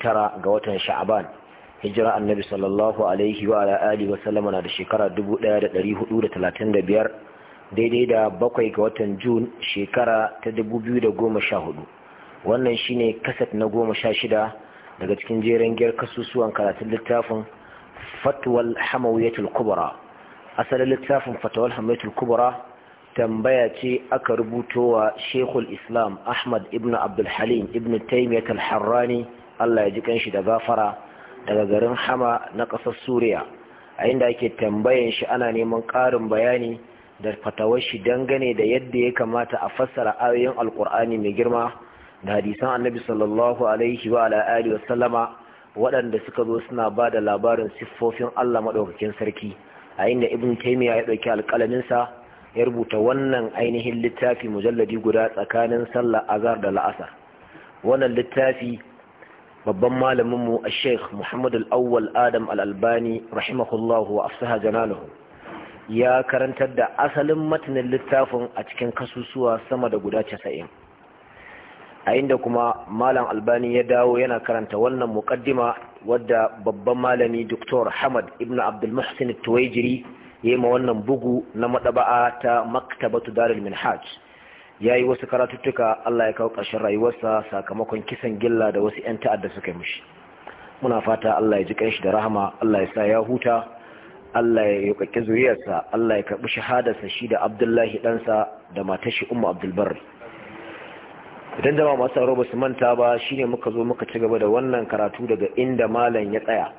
tara ga watan sha'aban hijira annabi sallallahu alaihi wa ala alihi wa sallama na da shekara 1435 daidai da bakwai ga watan jun shekara ta 2014 wannan shine kaset na goma sha shida daga cikin jeren giyar kasusuwan karatun littafin fatwal hamawiyatul kubra asalin littafin fatwal hamawiyatul kubra tambaya ce aka rubutowa shekul islam ahmad ibn abdulhalim ibnu taimiyat al-harrani Allah ya ji kanshi da gafara daga garin Hama na ƙasar Suriya a inda ake tambayan shi ana neman ƙarin bayani da fatawar shi dangane da yadda ya kamata a fassara ayoyin Alƙur'ani mai girma da hadisan Annabi sallallahu alaihi wa ala alihi wa sallama waɗanda suka zo suna ba da labarin siffofin Allah maɗaukakin sarki a inda ibn taimiyya ya ɗauki sa ya rubuta wannan ainihin littafi mujalladi guda tsakanin sallar azar da la'asar wannan littafi babban malaminmu a sheikh muhammad al'awwal adam al'albani rahimahullahu wa afsaha janalahu ya karantar da asalin matanin littafin a cikin kasusuwa sama da guda casa'in a inda kuma malam albani ya dawo yana karanta wannan mukaddima wadda babban malami Dr. hamad ibn muhsin tuwaijiri ya yi ma wannan bugu na maɗaba'a ta maktabatu darul minhaj ya yi wasu karatuttuka Allah ya kawo ƙarshen rayuwarsa sakamakon kisan gilla da wasu 'yan ta'adda suka yi mushi muna fata Allah ya ji kanshi da rahama Allah ya sa ya huta Allah ya yi yaukake zuriyarsa Allah ya karɓi shahadarsa shi da Abdullahi ɗansa da matashi Umma Abdulbar idan da masu sauraro ba su manta ba shine muka zo muka ci gaba da wannan karatu daga inda malam ya tsaya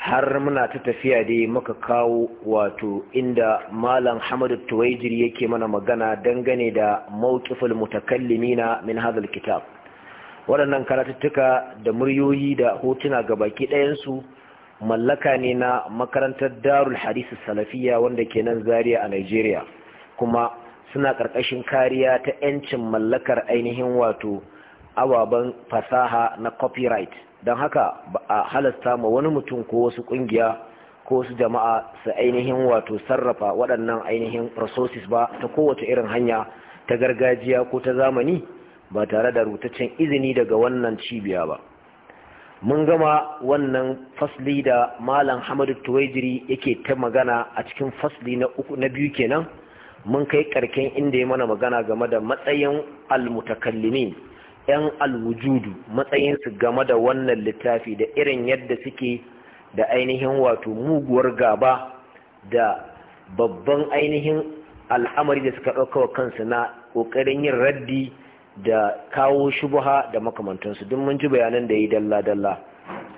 har muna ta tafiya dai muka kawo wato inda malam hamadu tuwaijiri yake mana magana dangane da mawqiful mutakallimina min hazal kitab waɗannan karatuttuka da muryoyi da hotuna ga baki ɗayansu mallaka ne na makarantar darul hadisi salafiya wanda ke nan zaria a nigeria kuma suna ƙarƙashin kariya ta 'yancin mallakar ainihin wato ababen fasaha na copyright don haka ba a halasta ma wani mutum ko wasu kungiya ko wasu jama'a su ainihin wato sarrafa waɗannan ainihin resources ba ta kowace irin hanya ta gargajiya ko ta zamani ba tare da rutaccen izini daga wannan cibiya ba mun gama wannan fasli da malam hamadu tuwaijiri yake ta magana a cikin fasli na uku na biyu kenan mun kai karken inda ya mana magana game da matsayin almutakallimin 'yan alwujudu matsayinsu game da wannan littafi da irin yadda suke da ainihin wato muguwar gaba da babban ainihin al'amari da suka ɗauka wa kansu na ƙoƙarin yin raddi da kawo shubuha da makamantansu duk mun ji bayanan da yi dalla-dalla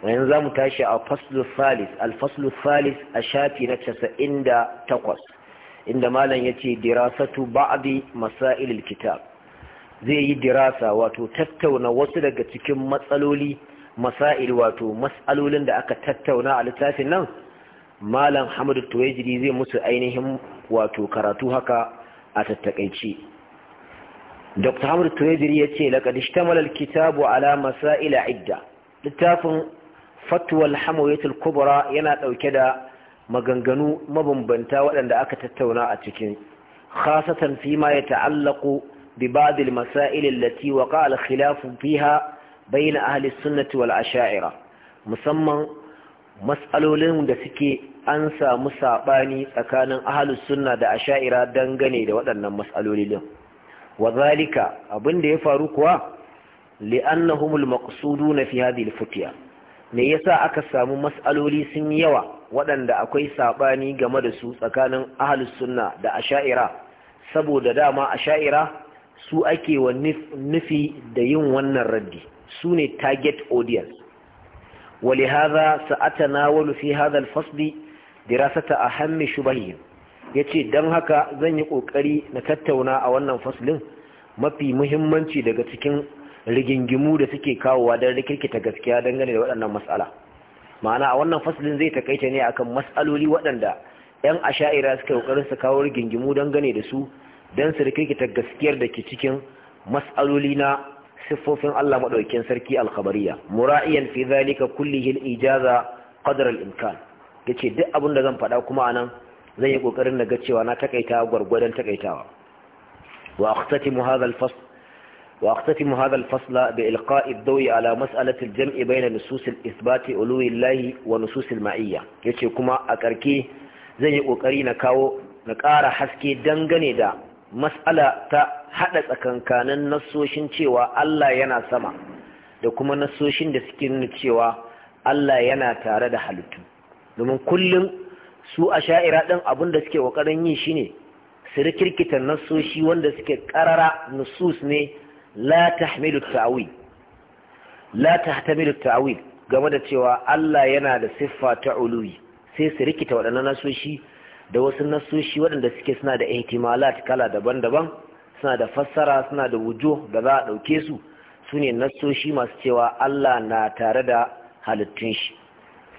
yanzu za mu tashi a faslu salis alfaslu salis a shafi na casa'in da takwas inda malam ya ce dirasatu ba'adi masailil kitab zai yi dirasa wato tattauna wasu daga cikin matsaloli masail wato matsalolin da aka tattauna a littafin nan malam hamadu tuwajiri zai musu ainihin wato karatu haka a tattakaici dr hamadu tuwajiri ya ce laƙa dishtamal kitabu ala masaila idda littafin fatuwal hamawiyatul kubra yana ɗauke da maganganu mabambanta waɗanda aka tattauna a cikin khasatan fi ma ya ta'allaku ببعض المسائل التي وقع الخلاف فيها بين أهل السنة والأشاعرة musamman matsalolin da suke an samu saɓani tsakanin ahalus sunna da asha'ira dangane da waɗannan matsalolin Wazalika zalika abin da ya faru kuwa li'annahumul na fi hadhihi al-futiya me yasa aka samu matsaloli sun yawa waɗanda akwai saɓani game da su tsakanin ahalus sunna da asha'ira saboda dama asha'ira su ake wa nufi da yin wannan raddi su ne target audience haza na ولهذا سأتناول في هذا a hannun أهم ya ce don haka zan yi kokari na tattauna a wannan faslin mafi muhimmanci daga cikin rigingimu da suke kawowa don rikirkita gaskiya dangane da waɗannan matsala ma'ana a wannan faslin zai takaita ne akan matsaloli waɗanda 'yan asha'ira suka kokarin su kawo rigingimu dangane da su don su rikikita gaskiyar da ke cikin mas'aloli na siffofin Allah maɗaukin sarki alkhabariya mura'iyan fi zalika kullihi ijaza qadar al-imkan yace duk abin da zan faɗa kuma anan zan yi kokarin na ga cewa na takaita gwargwadon takaitawa wa aqtatimu hadha al-fasl wa aqtatimu hadha al-fasla bi ilqa'i ad-dawi ala mas'alati al-jam'i bayna nusus al-ithbati uluwi wa nusus al-ma'iyya yace kuma a karke zan yi kokari na kawo na ƙara haske dangane da Matsala ta haɗa tsakankanin nasoshin cewa Allah yana sama da kuma nasoshin da suke nuna cewa Allah yana tare da halittu domin kullum su a sha'ira ɗin abin da suke ƙoƙarin yi shine su rikirkita nasoshi wanda suke ƙarara nusus ne la tahmilu ta'wil la tahtamilu ta'wil game da cewa Allah yana da siffa ta uluwi sai su rikita waɗannan nasoshi da wasu nasoshi waɗanda suke suna da ihtimalat kala daban-daban suna da fassara suna da wujo da za a ɗauke su su ne nasoshi masu cewa Allah na tare da halittun shi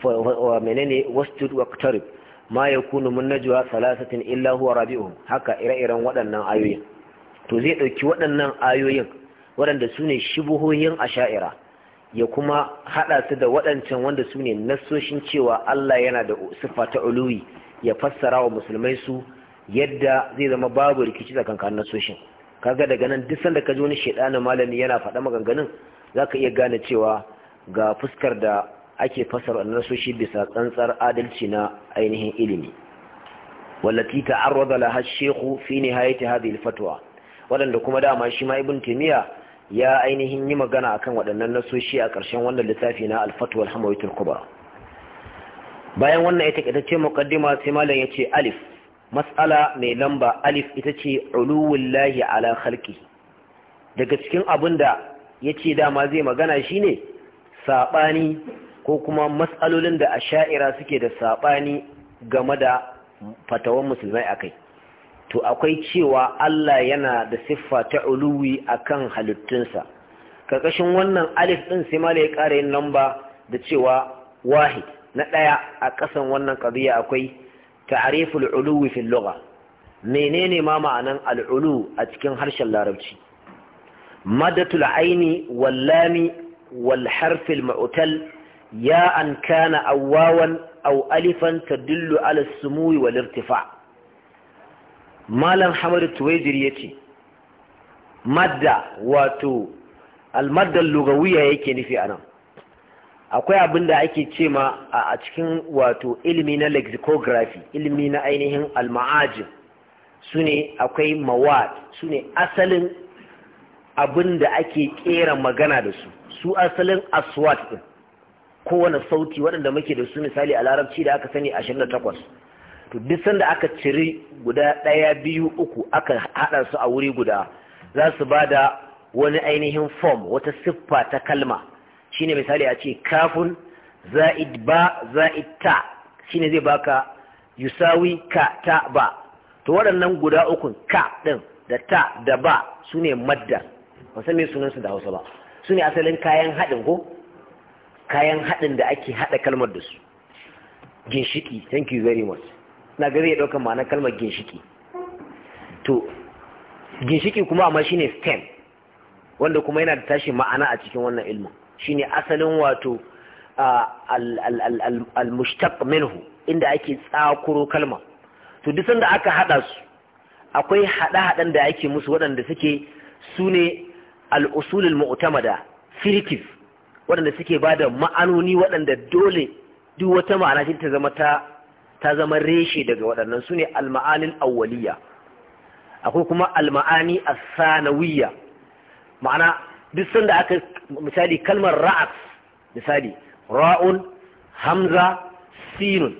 wa menene wasu waqtarib ma ya yakunu min najwa salasatin illa huwa haka ire-iren waɗannan ayoyin to zai ɗauki waɗannan ayoyin waɗanda su ne a asha'ira ya kuma haɗa su da waɗancan wanda su ne nasoshin cewa Allah yana da siffa ta uluwi ya fassara wa musulmai su yadda zai zama babu rikici tsakankanin nasoshin kaga daga nan duk sanda ka ji wani shedanin malami yana faɗa maganganun zaka iya gane cewa ga fuskar da ake fassara nasoshi bisa tsantsar adalci na ainihin ilimi wallati ta'arrada laha shehu shaykhu fi nihayati hadhihi al-fatwa wadanda kuma dama shi ma ibn timiya ya ainihin yi magana akan waɗannan nasoshi a ƙarshen wannan littafi na al-fatwa al-hamawiyyah al-kubra bayan wannan ita ita ce muqaddima sai malam yace alif mas'ala mai lamba alif ita ce uluwullahi ala khalqi daga cikin abinda yace dama zai magana shine sabani ko kuma mas'alolin da asha'ira suke da sabani game da fatawan musulmai akai to akwai cewa Allah yana da siffa ta uluwi akan halittunsa karkashin wannan alif din sai malam ya kare yin lamba da cewa wahid na ɗaya a ƙasan wannan ƙabiya akwai ta'ariful uluwi fil lugha menene ma ma'anan al'ulu a cikin harshen larabci madatul aini wallami wal harfil ma'utal ya an kana awawan aw alifan tadullu ala sumui wal irtifa malam hamadu tuwajir yace madda wato al madda lugawiyya yake nufi anan akwai abin da ake ce ma a cikin wato ilimi na lexicography ilimi na ainihin alma'ajin su ne akwai mawad su ne asalin abin da ake kera magana da su su asalin aswat din kowane sauti waɗanda muke da su misali a larabci da aka sani 28 to duk sanda aka ciri guda ɗaya biyu uku aka haɗa su a wuri guda za su ba da wani ainihin form wata siffa ta kalma shine misali a ce kafin za'id ba za'id ta shine zai baka yusawi ka ta ba to waɗannan guda ukun ka ɗin da ta da ba su ne madda ba san me sunansu da hausa ba su ne asalin kayan haɗin ko kayan haɗin da ake haɗa kalmar da su ginshiki thank you very much na gari ya ɗaukar ma'anar kalmar ginshiki to ginshiki kuma amma shine stem wanda kuma yana da tashi ma'ana a cikin wannan ilmin shine asalin wato al-mushtaq minhu inda ake tsakuro kalma to duk sanda aka hada su akwai hada-hadan da ake musu waɗanda suke sune al-usulul mu'tamada firkif waɗanda suke da ma'anoni waɗanda dole duk wata ma'ana ta zama ta ta zama reshe daga waɗannan su ne alma'anin awwaliya akwai kuma al-ma'ani alma'ani sanawiyya ma'ana duk sanda aka misali kalmar ra'as misali ra'un hamza sinun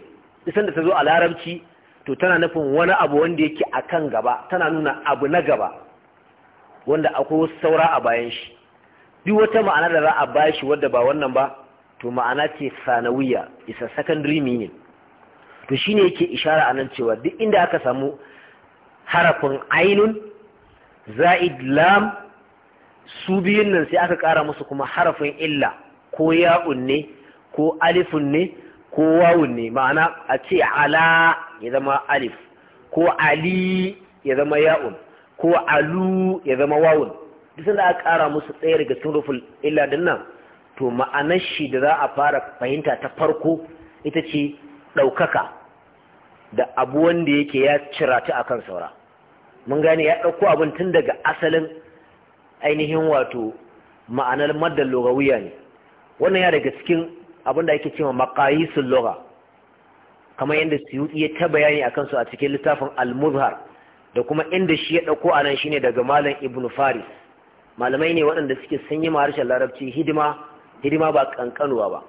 duk sanda ta zo a larabci to tana nufin wani abu wanda yake akan gaba tana nuna abu na gaba wanda akwai wasu saura a bayan shi duk wata ma'ana da za a ba shi wadda ba wannan ba to ma'ana ce sanawiya isa secondary meaning to shine yake ishara a nan cewa duk inda aka samu harafin ainun za'id lam su biyun nan sai aka ƙara musu kuma harafin illa ko ya'un ne ko alifun ne ko wawun ne ma'ana a ce ala ya zama alif ko ali ya zama ya'un ko alu ya zama wawun duk da aka ƙara musu ɗaya daga turuful illa din nan to ma'anar shi da za a fara fahimta ta farko ita ce ɗaukaka da abu wanda yake ya cira ta akan saura mun gane ya ɗauko abin tun daga asalin ainihin wato ma'anar maddal lugawiya ne wannan ya daga cikin abinda ake cewa makayisun loga kamar yadda Suyuti ya ta bayani a kansu a cikin littafin Al-Muzhar da kuma inda shi ya ɗauko nan shi shine daga Malam Ibn Faris malamai ne waɗanda suke sun yi harshen Larabci hidima hidima ba kankanuwa ba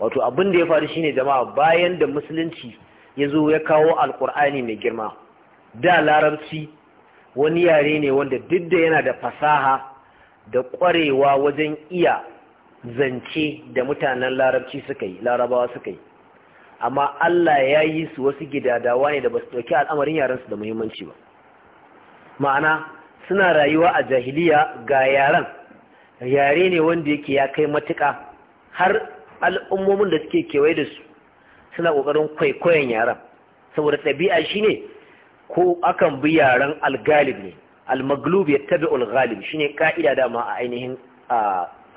wato abin da ya faru shine jama'a bayan da musulunci ya zo ya kawo alkur'ani mai girma da larabci wani yare ne wanda duk da yana da fasaha da ƙwarewa wajen iya zance da mutanen larabci suka yi larabawa suka yi amma Allah ya yi su wasu gidadawa ne da ba su ɗauki al'amarin yaransu da muhimmanci ba ma'ana suna rayuwa a jahiliya ga yaran yare ne wanda yake ya kai matuƙa har al'ummomin da suke kewaye da su suna ƙoƙarin kwaikwayon yaran saboda ɗabi'a shine ko akan bi yaran algalib ne almaglub ya yattabi'u al-ghalib shine ka'ida dama a ainihin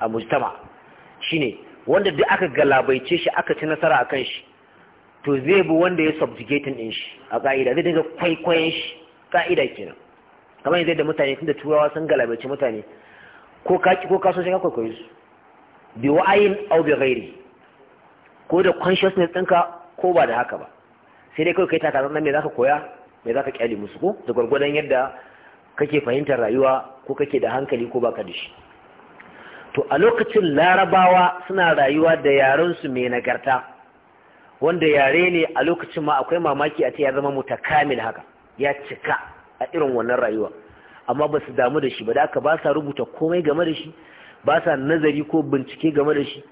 a mujtama shine wanda duk aka galabaice shi aka ci nasara akan shi to zai bi wanda ya subjugating din shi a ka'ida zai dinga kwaikwayon shi ka'ida kenan kamar yanzu da mutane tunda turawa sun galabaice mutane ko kaki ko kaso sai ka kwaikwayo su bi wa'ayin aw bi ghairi ko da consciousness ɗinka ko ba da haka ba sai dai kai kai taka nan me zaka koya me zaka kyale musu ko da gwargwadon yadda kake fahimtar rayuwa ko kake da hankali ko baka da shi to a lokacin larabawa suna rayuwa da yarensu mai nagarta wanda yare ne a lokacin ma akwai mamaki a ce ya zama mutakamil haka ya cika a irin wannan rayuwa amma ba su damu da shi ba da aka ba sa rubuta komai game da shi ba sa nazari ko bincike game da shi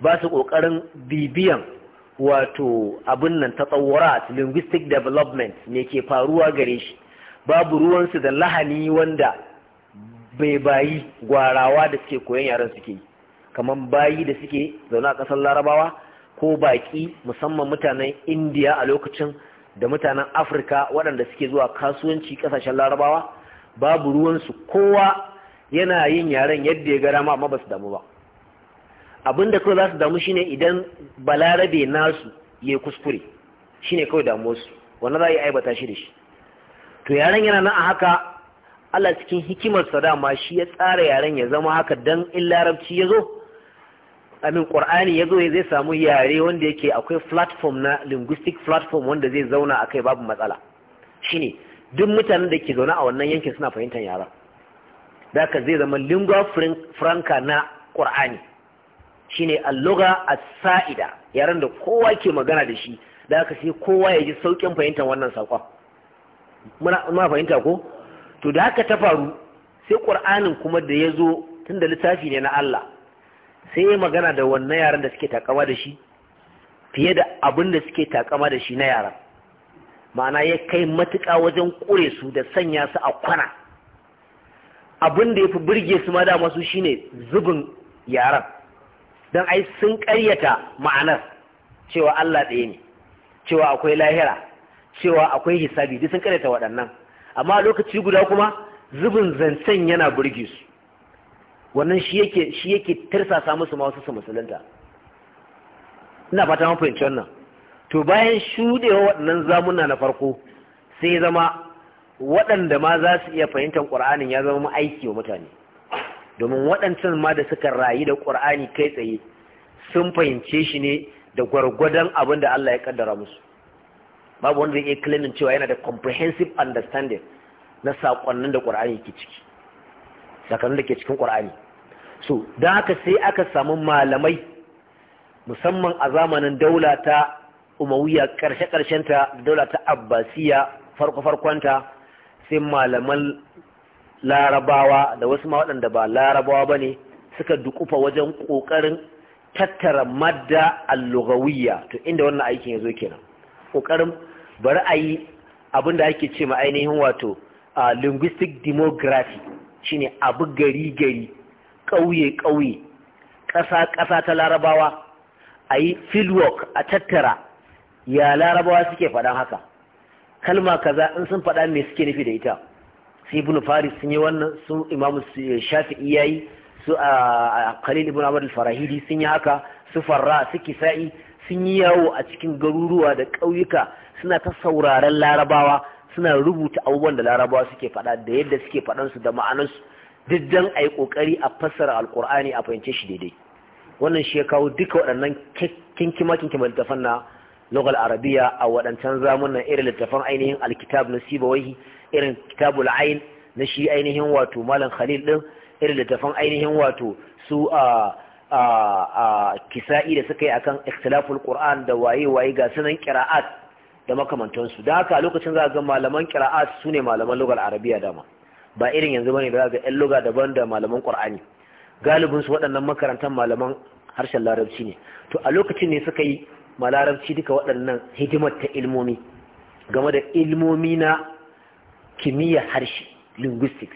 ba su ƙoƙarin bibiyan wato abin nan ta tsawara linguistic development ne ke faruwa gare shi babu ruwansu da lahani wanda bai bayi gwarawa da suke koyon yaren suke yi kamar bayi da suke zaune a ƙasar larabawa ko baƙi musamman mutanen indiya a lokacin da mutanen afirka waɗanda suke zuwa kasuwanci ƙasashen larabawa babu ruwansu kowa yana yin yaren yadda ya ga rama amma ba su damu ba abin da kawai za su damu shine idan balarabe nasu ya kuskure shine kawai damuwarsu wanda za a yi aibata shi da shi to yaren yana nan a haka Allah cikin hikimarsa dama shi ya tsara yaren ya zama haka dan in larabci ya zo amin ƙur'ani ya zo ya zai samu yare wanda yake akwai platform na linguistic platform wanda zai zauna a kai babu matsala shine duk mutanen da ke zaune a wannan yankin suna fahimtar yaren da ka zai zama lingua franca na ƙur'ani shine alluga as-sa'ida yaren da kowa ke magana da shi da ka sai kowa ya ji sauƙin fahimtar wannan saƙon ma fahimta ko to da haka ta faru sai ƙur'anin kuma da ya zo tun da littafi ne na Allah sai ya magana da wannan yaran da suke takama da shi fiye da abin da suke takama da shi na yaran ma'ana ya kai matuƙa wajen ƙure su da sanya su a kwana abin da ya fi birge su ma dama su shine zubin yaran don ai sun ƙaryata ma'anar cewa Allah ɗaya ne cewa akwai lahira cewa akwai hisabi duk sun karanta waɗannan amma a lokaci guda kuma zubin zancen yana burge su wannan shi yake shi yake tirsasa musu ma wasu musulunta ina fata mun fahimci wannan to bayan shudewa waɗannan zamuna na farko sai zama waɗanda ma za su iya fahimtar ƙur'anin ya zama aiki wa mutane domin waɗancan ma da suka rayu da ƙur'ani kai tsaye sun fahimce shi ne da gwargwadon abin da Allah ya kaddara musu babu wanda zai iya claiming cewa yana da comprehensive understanding na saƙonnin da ƙur'ani ke ciki sakonnin da ke cikin Qur'ani so don haka sai aka samu malamai musamman a zamanin daula ta umawiya ƙarshe-ƙarshen ta daula ta abbasiya farko ta, sai malaman larabawa da wasu ma waɗanda ba larabawa ba ne suka dukufa wajen ƙoƙarin tattara madda al to inda wannan aikin ya zo kenan kokarin bari a yi abin da ake ce ma ainihin wato linguistic demography shine abu gari gari ƙauye ƙauye ƙasa ƙasa ta larabawa a yi fieldwork a tattara ya larabawa suke faɗan haka kalma kaza in sun faɗa me suke nufi da ita su ibn faris sun yi wannan su imam shafi'i yayi su a khalil ibn abd farahidi sun yi haka su farra su kisa'i sun yi yawo a cikin garuruwa da ƙauyuka suna ta sauraren larabawa suna rubuta abubuwan da larabawa suke faɗa da yadda suke faɗansu da ma'anarsu duk don a yi ƙoƙari a fassara alƙur'ani a fahimce shi daidai wannan shi ya kawo duka waɗannan kinkima kinkima littafan na lokal arabiya a waɗancan zamunan irin littafan ainihin alkitab na sibawaihi irin kitabul ain na shi ainihin wato malam khalil ɗin irin littafan ainihin wato su a ah, a kisa'i da suka yi akan ikhtilaful qur'an da waye waye ga sunan qira'at da makamantansu da haka lokacin za ga malaman qira'at sune malaman lugar arabiya dama ba irin yanzu bane da za ga yan luga daban da malaman qur'ani galibin su waɗannan makarantan malaman harshen larabci ne to a lokacin ne suka yi ma larabci duka waɗannan hidimar ta ilmomi game da ilmomi na kimiyyar harshe linguistics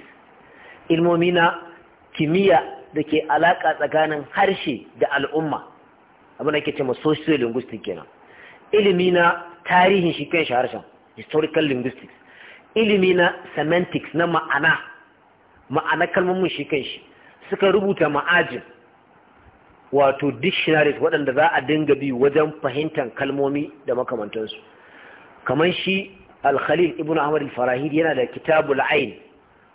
ilmomi na kimiyya da ke alaƙa tsakanin harshe da al'umma abin da ke cewa social linguistics kenan ilimi na tarihin shi kan harshen historical linguistics ilimi na semantics na ma'ana ma'ana kalmomin shi kan shi suka rubuta ma'ajin wato dictionaries waɗanda za a dinga bi wajen fahimtar kalmomi da makamantansu kamar shi alkhalil ibn ahmad al-farahid yana da kitabul ain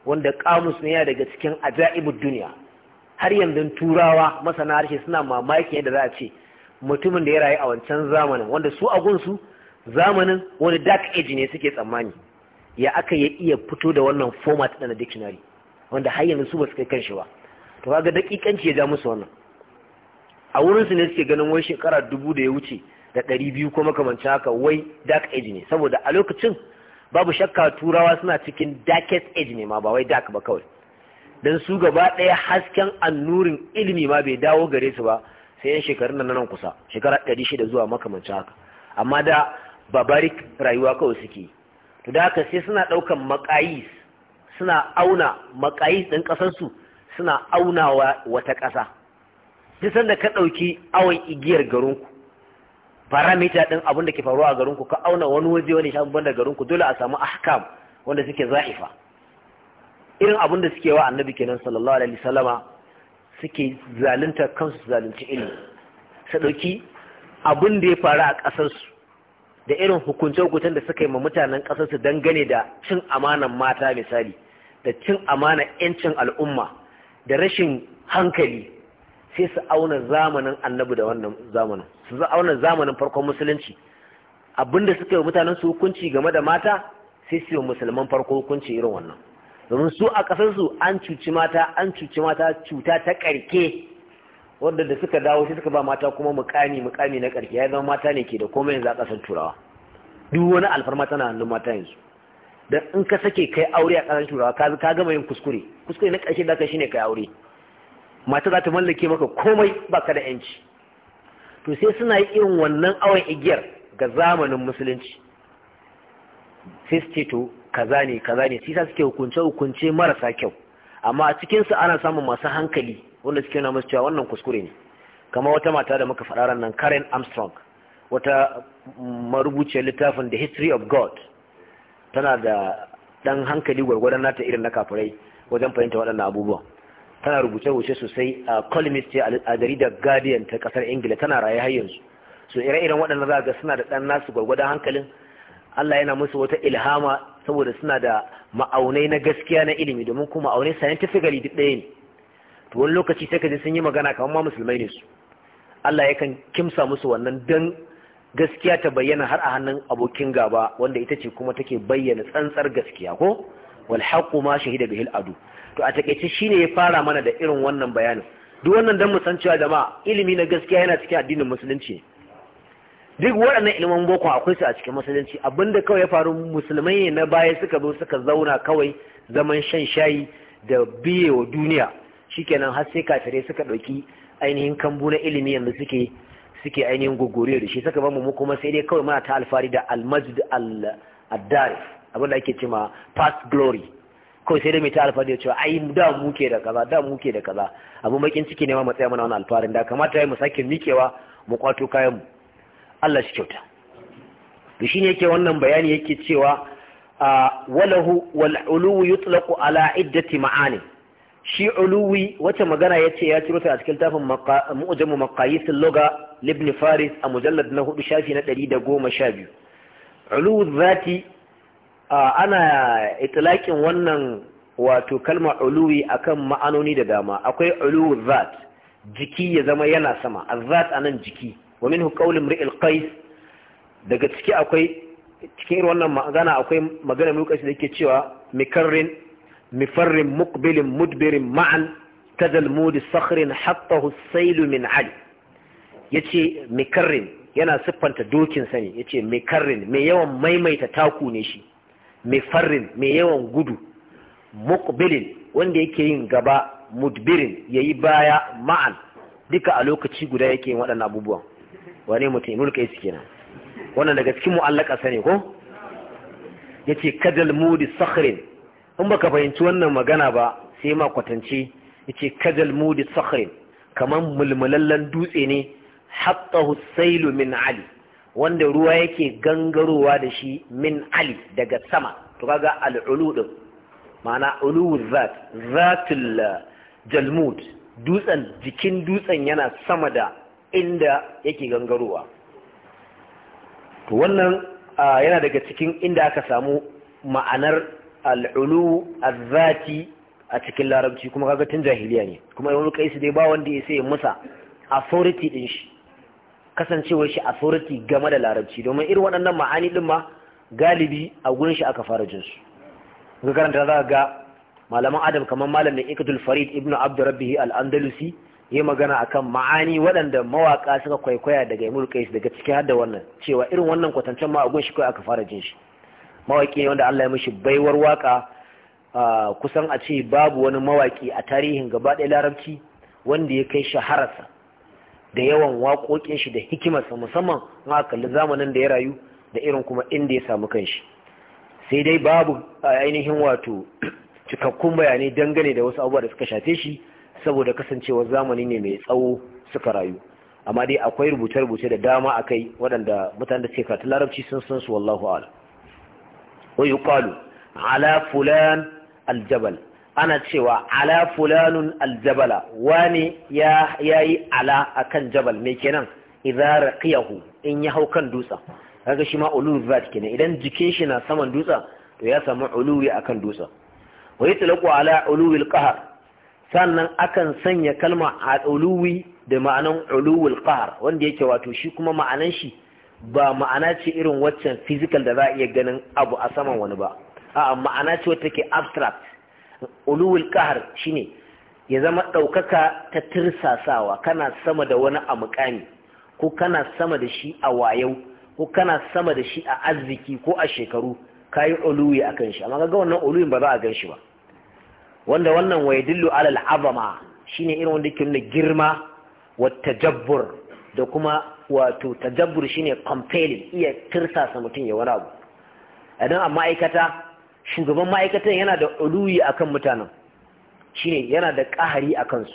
wanda kamus ne yana daga cikin ajaibud duniya har yanzu turawa masana harshe suna mamaki yadda za a ce mutumin da ya rayu a wancan zamanin wanda su agunsu zamanin wani dark age ne suke tsammani ya aka ya iya fito da wannan format na dictionary wanda har yanzu su ba su kai kanshi ba to kaga dakikanci ya ja musu wannan a wurin su ne suke ganin wai shekara dubu da ya wuce da ɗari biyu ko makamancin haka wai dark age ne saboda a lokacin babu shakka turawa suna cikin darkest age ne ma ba wai dark ba kawai don su gaba ɗaya hasken annurin ilimi ma bai dawo gare su ba sai yan shekarun nan nan kusa shekara ɗari shida zuwa makamancin haka amma da babarik rayuwa kawai suke to da haka sai suna ɗaukan makayis suna auna makayis ɗin ƙasarsu suna wa wata ƙasa duk sanda ka ɗauki awon igiyar garinku faramita ɗin abin da ke faruwa a garinku ka auna wani waje wani shan da garinku dole a samu ahkam wanda suke za'ifa irin abin da suke wa annabi kenan sallallahu alaihi wasallama suke zalunta kansu zalunci ilimi su dauki abin da ya faru a kasar su da irin hukuncin hukuncen da suka yi ma mutanen kasar su dangane da cin amanan mata misali da cin amana yancin al'umma da rashin hankali sai su auna zamanin annabi da wannan zamanin su auna zamanin farkon musulunci abinda suka yi mutanen su hukunci game da mata sai su yi musulman farko hukunci irin wannan domin su a ƙasarsu an cuci mata an cuci mata cuta ta ƙarke wadda da suka dawo sai suka ba mata kuma mukami mukami na ƙarke ya zama mata ne ke da komai yanzu a ƙasar turawa duk wani alfarma tana hannun mata yanzu don in ka sake kai aure a ƙasar turawa ka ka gama yin kuskure kuskure na ƙarshe da ka shine kai aure mata za ta mallake maka komai baka da yanci to sai suna yi irin wannan awon igiyar ga zamanin musulunci sai su ce to kaza ne kaza ne sisa suke hukunce hukunce marasa kyau amma a cikin su ana samun masu hankali wanda suke nuna musu cewa wannan kuskure ne kamar wata mata da muka faɗa ran nan Karen Armstrong wata marubuciyar littafin The History of God tana da dan hankali gwargwadon nata irin na kafirai wajen fahimta waɗannan abubuwa tana rubuce-rubuce sosai a columnist ce a jaridar Guardian ta kasar Ingila tana raye har yanzu so ire-iren waɗannan za ga suna da ɗan nasu gwargwadon hankalin Allah yana musu wata ilhama saboda suna da ma'aunai na gaskiya na ilimi domin kuma ma'aunai scientifically duk ɗaya ne to wani lokaci sai ka je sun yi magana kamar ma musulmai ne su Allah yakan kimsa musu wannan dan gaskiya ta bayyana har a hannun abokin gaba wanda ita ce kuma take bayyana tsantsar gaskiya ko wal haqqu ma shahida bihi al adu to a takeice shine ya fara mana da irin wannan bayanin duk wannan dan mu san cewa jama'a ilimi na gaskiya yana cikin addinin musulunci ne duk waɗannan ilimin boko akwai su a cikin musulunci abinda kawai ya faru musulmai ne na baya suka zo suka zauna kawai zaman shan shayi da biye wa duniya kenan har sai kafirai suka ɗauki ainihin kambu na ilimi yanzu suke suke ainihin gogore da shi suka bamu mu kuma sai dai kawai muna ta alfari da almajid al addari abinda ake cewa past glory kawai sai dai mai ta alfari da cewa ai da mu ke da kaza da mu ke da kaza abu makin ciki ne ma mu tsaya mana wannan alfarin da kamata ya mu sake mikewa mu kwato kayan mu Allah shi kyauta to shine yake wannan bayani yake cewa walahu wal uluwi yutlaqu ala iddati ma'ani shi uluwi wata magana yace ya ciro ta a cikin tafin mu'jamu maqayis al-lugha ibn faris a mujallad na 4 shafi na 112 uluwi zati ana itlaqin wannan wato kalmar uluwi akan ma'anoni da dama akwai uluwi zat jiki ya zama yana sama az-zat anan jiki wa minhu qawlu imri'il qais daga ciki akwai cikin wannan magana akwai magana mai da yake cewa mikarrin mifarrin muqbilin mudbirin ma'an kadal mudi sakhrin hattahu sailu min ali yace mikarrin yana siffanta dokin sa ne yace mikarrin mai yawan maimaita taku ne shi mifarrin mai yawan gudu muqbilin wanda yake yin gaba mudbirin yayi baya ma'an duka a lokaci guda yake yin waɗannan abubuwan wane mutum ibnul qais kenan wannan daga cikin mu'allaka Sani ko yace kadal mudi sakhrin in baka fahimci wannan magana ba sai ma kwatance yace kadal mudi sakhrin kaman mulmulallen dutse ne haqqahu sailu min ali wanda ruwa yake gangarowa da shi min ali daga sama to kaga al'ulu din ma'ana uluwul zat zatul jalmud dutsen jikin dutsen yana sama da inda yake gangarowa to wannan yana daga cikin inda aka samu ma'anar al'ulu zati a cikin larabci kuma kaga tun jahiliya ne kuma ibn su dai ba wanda ya sai musa, authority din shi kasancewar shi authority game da larabci domin irin waɗannan ma'ani din ma galibi a gurin shi aka fara jinsu, ga karanta za ga malaman adam kamar malam da ikatul farid ibnu abdurrabihi al-andalusi yi magana akan ma'ani waɗanda mawaƙa suka kwaikwaya daga imul qais daga ciki har da wannan cewa irin wannan kwatancen ma agun shi kai aka fara jin shi mawaki ne wanda Allah ya mishi baiwar waƙa kusan a ce babu wani mawaƙi a tarihin gaba ɗaya larabci wanda ya kai shahararsa da yawan waƙoƙin shi da hikimarsa musamman in aka kalli zamanin da ya rayu da irin kuma inda ya samu kanshi sai dai babu ainihin wato cikakkun bayanai dangane da wasu abubuwa da suka shafe shi saboda kasancewa zamani ne mai tsawo suka rayu amma dai akwai rubuce-rubuce da dama a kai waɗanda mutane da suke karatu larabci sun san su wallahu ala wa yuqalu ala fulan aljabal ana cewa ala fulanun aljabala wani ya yayi ala akan jabal mai kenan idza raqiyahu in ya hau kan dutsa kaga shi ma ulu zat kenan idan jikin shi na saman dutsa to ya samu uluwi akan dutsa wa yutlaqu ala uluwil qahr sannan akan sanya kalma a uluwi da ma'anan uluwul qahr wanda yake wato shi kuma ma'anan shi ba ma'ana ce irin waccan physical da za a iya ganin abu a saman wani ba a'a ma'ana ce wata take abstract uluwul qahr shine ya zama ɗaukaka ta tirsasawa kana sama da wani a mukami ko kana sama da shi a wayau ko kana sama da shi a arziki ko a shekaru kayi uluwi akan shi amma ga wannan uluwin ba za a gan shi ba wanda wannan wa yadullu alal azama shine irin wanda ke nuna girma wa tajabbur da kuma wato tajabbur shine compelling iya tirsasa mutum ya wani abu idan a ma'aikata shugaban ma'aikatan yana da uluyi akan mutanen shine yana da kahari a kansu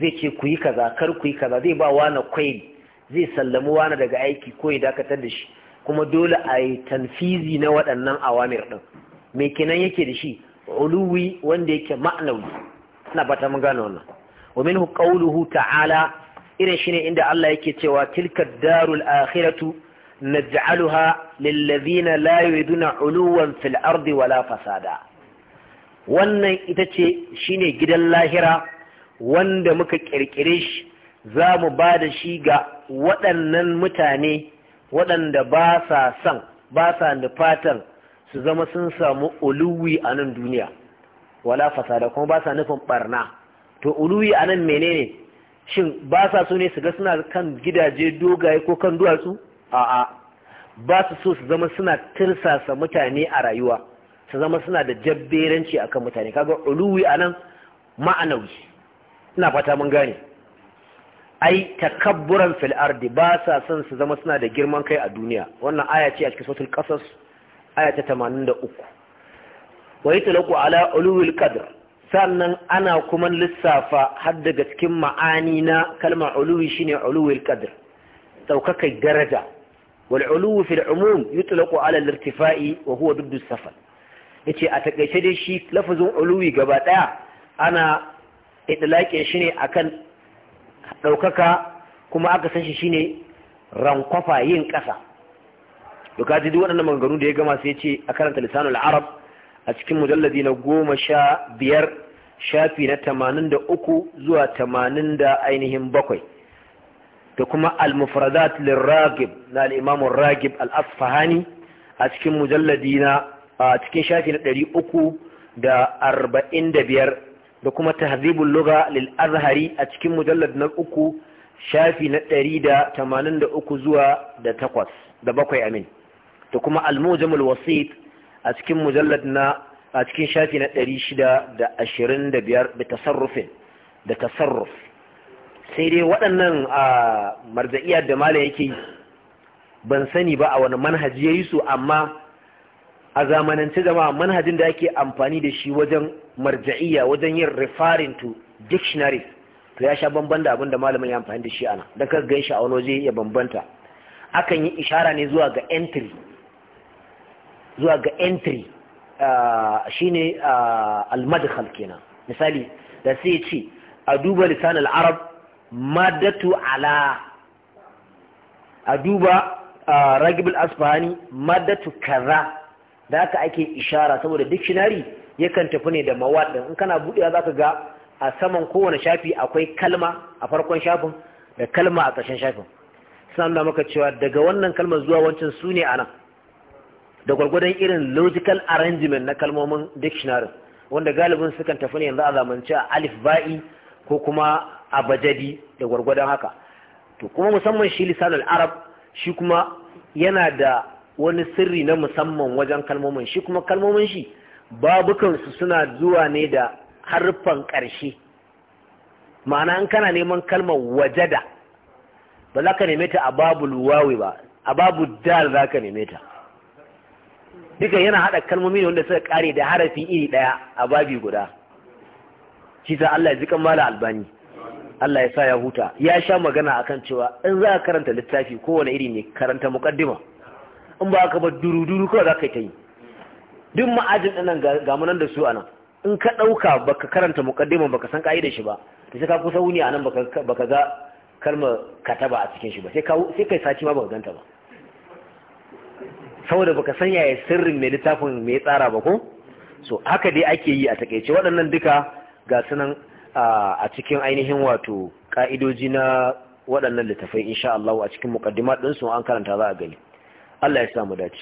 zai ce ku yi kaza kar ku yi kaza zai ba wani kwai zai sallami wani daga aiki ko ya dakatar da shi kuma dole a yi tanfizi na waɗannan awamir ɗin me kenan yake da shi uluwi wanda yake ma'anawi ina fata mun gane wannan wa minhu ta'ala irin shine inda Allah yake cewa tilka darul akhiratu naj'aluha lil ladina la yuriduna uluwan fil ardi wala fasada wannan ita ce shine gidan lahira wanda muka kirkire shi za mu ba da shi ga waɗannan mutane waɗanda ba sa son ba sa nufatan su zama sun samu uluwi a nan duniya wala fasada kuma ba sa nufin barna to uluwi a nan menene shin ba sa so ne su ga suna kan gidaje dogaye ko kan duwatsu a'a ba su so su zama suna tirsasa mutane a rayuwa su zama suna da jabberanci akan mutane kaga uluwi a nan ma'anawi ina fata mun gane ai takabburan fil ardi ba sa son su zama suna da girman kai a duniya wannan aya ce a cikin sautul qasas ayata 83 ala sannan ana kuma lissafa har daga cikin ma'ani na kalmar uluwi shine ulul qadr daukakar daraja wal uluwu fil umum yutlaqu ala al-irtifa'i wa huwa duddu safal yace a takaice dai shi lafazin uluwi gaba daya ana idlaqe shi ne akan daukaka kuma aka san shi shine rankwafa yin kasa to kaji duk waɗannan maganganu da ya gama sai ce a karanta lisanul arab a cikin mujalladi na goma sha biyar shafi na tamanin da uku zuwa tamanin da ainihin bakwai da kuma al-mufradat lirragib na al-imam ragib al-asfahani a cikin mujalladi na a cikin shafi na ɗari uku da arba'in da biyar da kuma tahzibul lugha lil azhari a cikin mujallad na uku shafi na ɗari da tamanin da uku zuwa da takwas da bakwai amin da kuma al-mujamul wasit a cikin mujallad na a cikin shafi na 625 da tasarrufin da tasarruf sai dai waɗannan a marza'iya da mala yake ban sani ba a wani manhaji ya yi su amma a zamanance jama'a manhajin da ake amfani da shi wajen marja'iya wajen yin referring to dictionary to ya sha bamban da abin malamin ya amfani da shi ana da kaga gan shi a wani waje ya bambanta akan yi ishara ne zuwa ga entry zuwa ga entry uh, shine uh, al-madkhal kenan misali da sai ce a duba lisan al-arab madatu ala a duba uh, ragib al-asfahani madatu kaza da haka ake ishara saboda dictionary yakan tafi ne da mawadin in kana buɗewa zaka ga a saman kowane shafi akwai kalma a farkon shafin da kalma a ƙarshen shafin sannan nuna maka cewa daga wannan kalmar zuwa wancan su ne a nan da gwargwadon irin logical arrangement na kalmomin dictionary wanda galibin sukan tafi ne yanzu a zamance a alif ba'i ko kuma a bajadi da gwargwadon haka to kuma musamman shi lisanul arab shi kuma yana da wani sirri na musamman wajen kalmomin shi kuma kalmomin shi babukansu suna zuwa ne da haruffan ƙarshe ma'ana in kana neman kalmar wajada ba za ka neme ta a babu luwawi ba a babu dal za ka neme ta duka yana haɗa kalmomi ne wanda suka ƙare da harafi iri ɗaya a babi guda shi Allah ya ji kan mala albani Allah ya sa ya huta ya sha magana akan cewa in za ka karanta littafi kowane iri ne karanta muqaddima in ba ka ba duruduru kawai za ka yi ta duk ma'ajin ɗanan ga munan da su anan in ka ɗauka baka karanta muqaddima baka san ƙa'idar shi ba to sai ka kusa wuni anan baka ga kalmar kataba a cikin shi ba sai ka sai kai saci ma baka ganta ba saboda baka san yaya sirrin mai littafin mai tsara ba ko so haka dai ake yi a takeice waɗannan duka ga sunan a cikin ainihin wato ka'idoji na waɗannan littafai insha Allah a cikin mukaddima din su an karanta za a gani Allah ya sa mu dace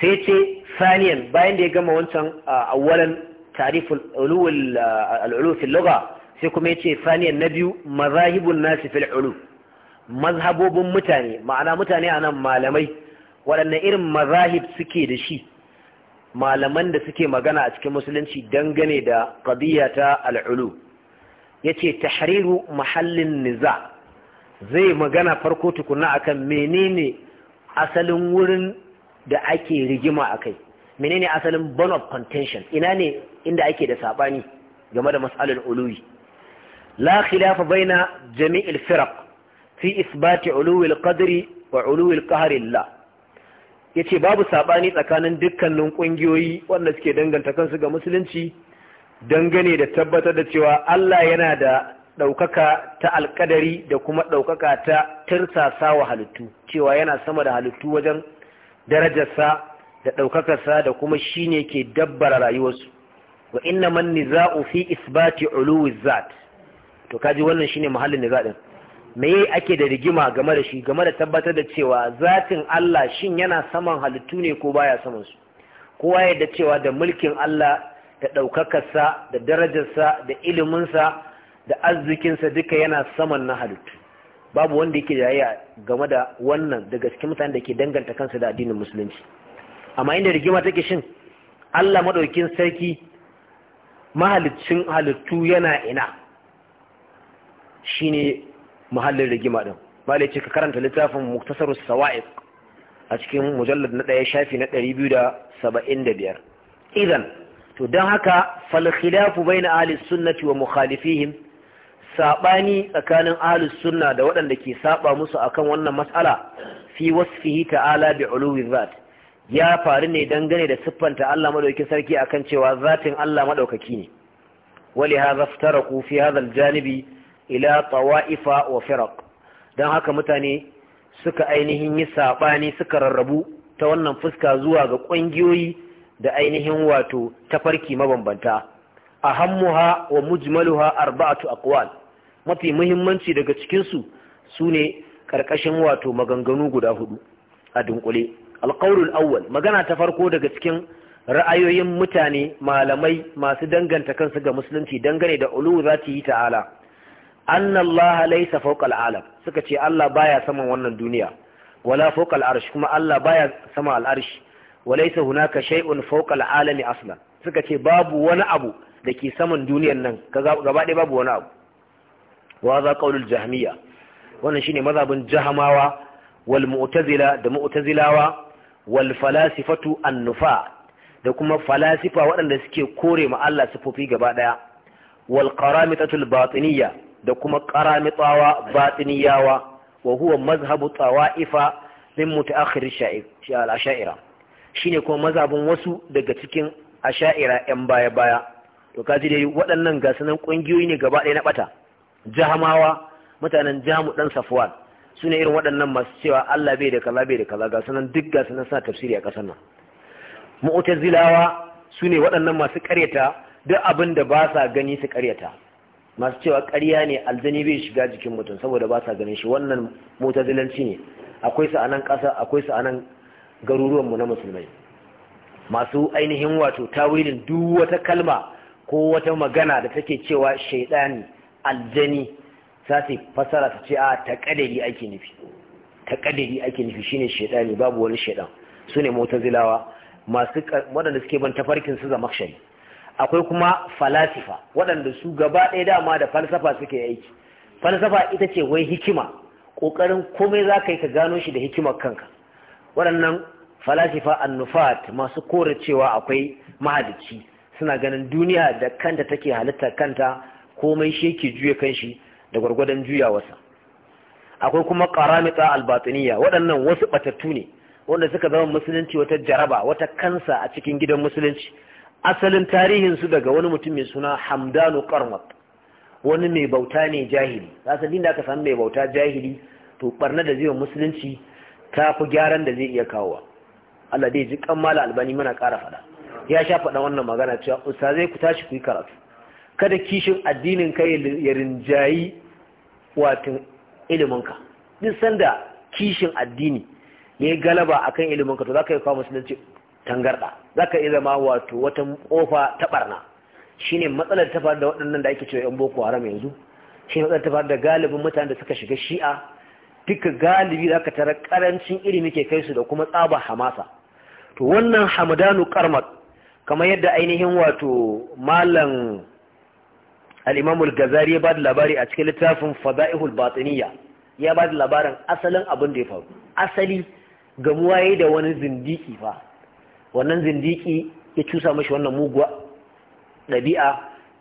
sai ce saniyan bayan da ya gama wancan awwalan tariful ulul al lugha sai kuma ya ce saniyan na biyu mazahibun nasi fil ulu mazhabobin mutane ma'ana mutane anan malamai waɗanne irin mazahib suke da shi malaman da suke magana a cikin musulunci dangane da qadiyya ta al'ulu yace tahriru mahallin niza zai magana farko tukuna akan menene asalin wurin da ake rigima a kai menene asalin bone of contention ina ne inda ake da saɓani game da matsalar uluwi la khilafa baina jami'il firaq fi isbati uluwil al-qadri wa uluwil al ya ce babu saɓani tsakanin dukkanin ƙungiyoyi wanda suke danganta kansu ga musulunci dangane da tabbatar da cewa Allah yana da ɗaukaka ta alƙadari da kuma ɗaukaka ta tirsasa wa halittu cewa yana sama da halittu wajen darajarsa da ɗaukakarsa da kuma shi ne ke dabbara rayuwarsu wa inna man niza'u fi isbati uluwi zat to kaji wannan shine mahallin niza me ake da rigima game da shi game da tabbatar da cewa zatin Allah shin yana saman halittu ne ko baya saman su kowa yadda cewa da mulkin Allah da ɗaukakarsa da darajarsa da iliminsa da arzikinsa duka yana saman na halittu babu wanda yake jayayya game da wannan daga cikin mutane da ke danganta kansu da addinin musulunci amma inda rigima take shin Allah madaukin sarki mahaliccin halittu yana ina shine muhallin rigima din malai ce ka karanta littafin muktasarus sawa'iq a cikin mujallad na ɗaya shafi na ɗari biyu da saba'in da biyar idan to don haka falkhilafu bai na ahalis sunnati wa mukhalifihim saɓani tsakanin ahalis sunna da waɗanda ke saba musu akan wannan mas'ala fi wasfihi ta'ala bi uluwi zat ya faru ne dangane da siffanta Allah madaukakin sarki akan cewa zatin Allah madaukaki ne wali hadha iftaraku fi hadha aljanibi ila tawa'ifa wa firaq don haka mutane suka ainihin yi saɓani suka rarrabu ta wannan fuska zuwa ga ƙungiyoyi da ainihin wato tafarki mabambanta a hammuha wa mujmaluha arba'atu aqwal mafi muhimmanci daga cikinsu su ne ƙarƙashin wato maganganu guda hudu a dunkule alƙaulul awwal magana ta farko daga cikin ra'ayoyin mutane malamai masu danganta kansu ga musulunci dangane da ulu zati ta'ala anna Allah laysa fawqa al-alam suka ce Allah baya saman wannan duniya wala fawqa arshi arsh kuma Allah baya sama al-arsh walaysa hunaka shay'un fawqa al-alam aslan suka ce babu wani abu da ke saman duniyar nan gaba ɗaya babu wani abu wa za qaulul jahmiya wannan shine mazhabin jahamawa wal mu'tazila da mu'tazilawa wal falasifatu an da kuma falasifa waɗanda suke kore ma Allah sifofi gaba ɗaya wal qaramitatul batiniyya da kuma qaramitawa batiniyawa wa huwa mazhabu tawa'ifa min mutaakhir ash-sha'ira shine kuma mazhabin wasu daga cikin ash-sha'ira yan baya baya to kaji dai waɗannan gasunan ƙungiyoyi ne gaba ɗaya na bata jahamawa mutanen jamu dan safwan sune irin waɗannan masu cewa Allah bai da kaza bai da kaza gasunan duk gasunan suna tafsiri a ƙasar nan mu'tazilawa sune waɗannan masu ƙaryata duk abin da ba sa gani su ƙaryata masu cewa karya ne aljani bai shiga jikin mutum saboda ba sa ganin shi wannan mota zilanci ne akwai su a nan akwai su a nan garuruwanmu na musulmai masu ainihin wato tawilin duk wata kalma ko wata magana da take cewa shaidani aljani za su fasara su ce a kadari ake nufi kadari ake nufi shine shaidani babu wani shaidan su ne zilawa? masu waɗanda suke ban tafarkin su zama shari akwai kuma falasifa waɗanda su gaba ɗaya dama da falsafa suke aiki falsafa ita ce wai hikima ƙoƙarin komai za ka yi ka gano shi da hikimar kanka waɗannan falasifa nufat masu kore cewa akwai mahalici suna ganin duniya da kanta take halitta kanta komai shi ke juya kanshi da gwargwadon juyawarsa akwai kuma karamita albatiniya waɗannan wasu batattu ne wanda suka zama musulunci wata jaraba wata kansa a cikin gidan musulunci asalin tarihinsu daga wani mutum mai suna hamdanu karmat wani mai bauta ne jahili asalin da aka sami mai bauta jahili to barna da zai musulunci ta fi gyaran da zai iya kawowa Allah dai ji kammala albani mana ƙara fada ya sha fada wannan magana cewa ustazai ku tashi ku yi karatu kada kishin addinin ka ya rinjayi watan iliminka duk sanda kishin addini ya galaba akan iliminka to za ka yi kawo musulunci tangarda zaka iya zama wato wata kofa ta barna shine matsalar ta faru da waɗannan da ake cewa yan boko haram yanzu shi ne matsalar ta faru da galibin mutanen da suka shiga shi'a duka galibi zaka tara karancin ilimi ke kai su da kuma tsaba hamasa to wannan hamadanu Karmak kamar yadda ainihin wato malam al gazari ya ba da labari a cikin littafin fada'ihul batiniya ya ba da labarin asalin abin da ya faru asali gamuwa da wani zindiki fa wannan zindiki ya cusa mashi wannan muguwa ɗabi'a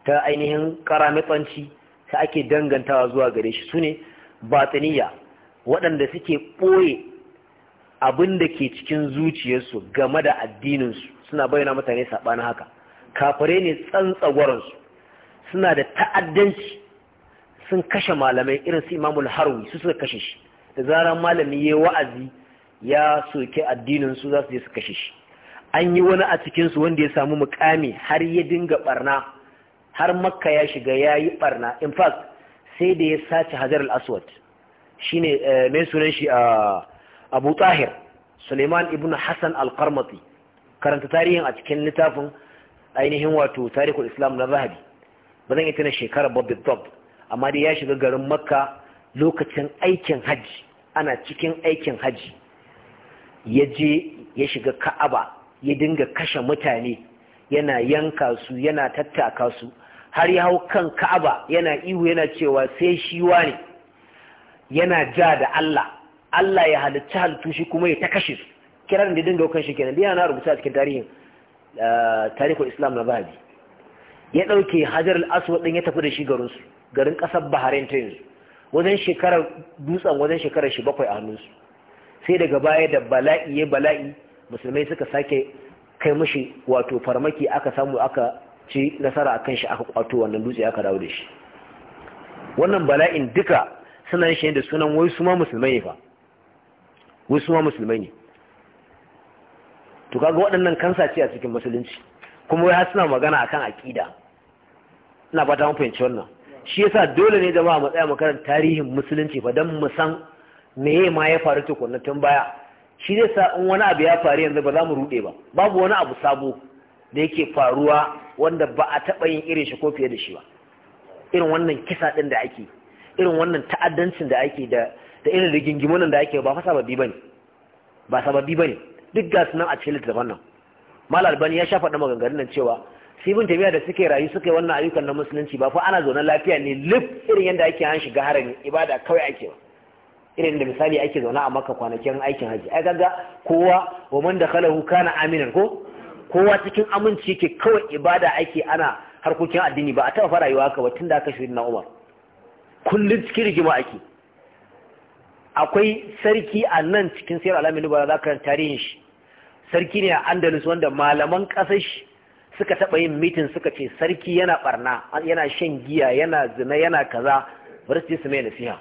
ta ainihin karamitsanci ta ake dangantawa zuwa gare shi su ne batiniya waɗanda suke ɓoye abin da ke cikin zuciyarsu game da addininsu suna bayyana mutane saɓanin haka kafare ne tsantsagwaransu suna da ta'addanci sun kashe malamai irin su imamul harwi su suka kashe shi da zarar malami ya wa'azi ya soke addininsu za su je su kashe shi an yi wani a cikinsu wanda ya samu mukami har ya dinga barna har makka ya shiga ya yi barna in fact sai da ya sace hajar al-aswad shi ne eh, mai sunan shi ah, abu tahir suleiman ibn hassan al-karmati karanta tarihin a cikin littafin ainihin wato tarihul islam na zahabi ba zan yi tana shekarar babbi dog amma dai ya shiga garin makka lokacin aikin hajji ana cikin aikin hajji ya je ya shiga ka'aba ya dinga kashe mutane yana yanka su yana tattaka su har ya hau kan ka'aba yana ihu yana cewa sai shi wane yana ja da Allah Allah ya halitta halittu shi kuma ya ta kashe su kiran da dinga kan shi kenan yana rubuta cikin tarihin eh, tarihul Islam na Bahabi ya dauke Hajar al-Aswad din ya tafi da shi garin su garin kasar Bahrain ta yanzu wajen shekarar dutsen wajen shekarar shi bakwai a hannunsu sai daga baya da bala'i ya bala'i musulmai suka sake kai mushi wato farmaki aka samu aka ci nasara akan shi aka kwato wannan dutse aka dawo da shi wannan bala'in duka suna shi da sunan wai su ma musulmai ne fa wai su ma musulmai ne to kaga waɗannan kansa ce a cikin musulunci kuma wai har suna magana akan aqida ina fata mun fahimci wannan shi yasa dole ne jama'a mu tsaya mu karanta tarihin musulunci fa dan mu san meye ma ya faru tukunna tun baya shi zai sa in wani abu ya faru yanzu ba za mu rude ba babu wani abu sabo da yake faruwa wanda ba a taɓa yin irin shi ko fiye da shi ba irin wannan kisa ɗin da ake irin wannan ta'addancin da ake da da irin rigingimunan da ake ba fa sababi bane ba sababi bane duk ga sunan a cikin littafin nan mal albani ya shafa da maganganun nan cewa mun tabiya da suke rayu suke wannan ayyukan na musulunci ba fa ana zaune lafiya ne lif irin yadda ake an shiga harami ibada kawai ake ba irin da misali ake zauna a maka kwanakin aikin haji ai kaga kowa wa man dakhalahu kana aminan ko kowa cikin aminci yake kawai ibada ake ana harkokin addini ba a taba fara yiwa ka ba tunda aka shiru na Umar kullun cikin rigima ake akwai sarki a nan cikin sayar alamin ba za ka tarihin shi sarki ne a Andalus wanda malaman kasar shi suka taba yin mitin suka ce sarki yana barna yana shan giya yana zina yana kaza bari su mai nasiha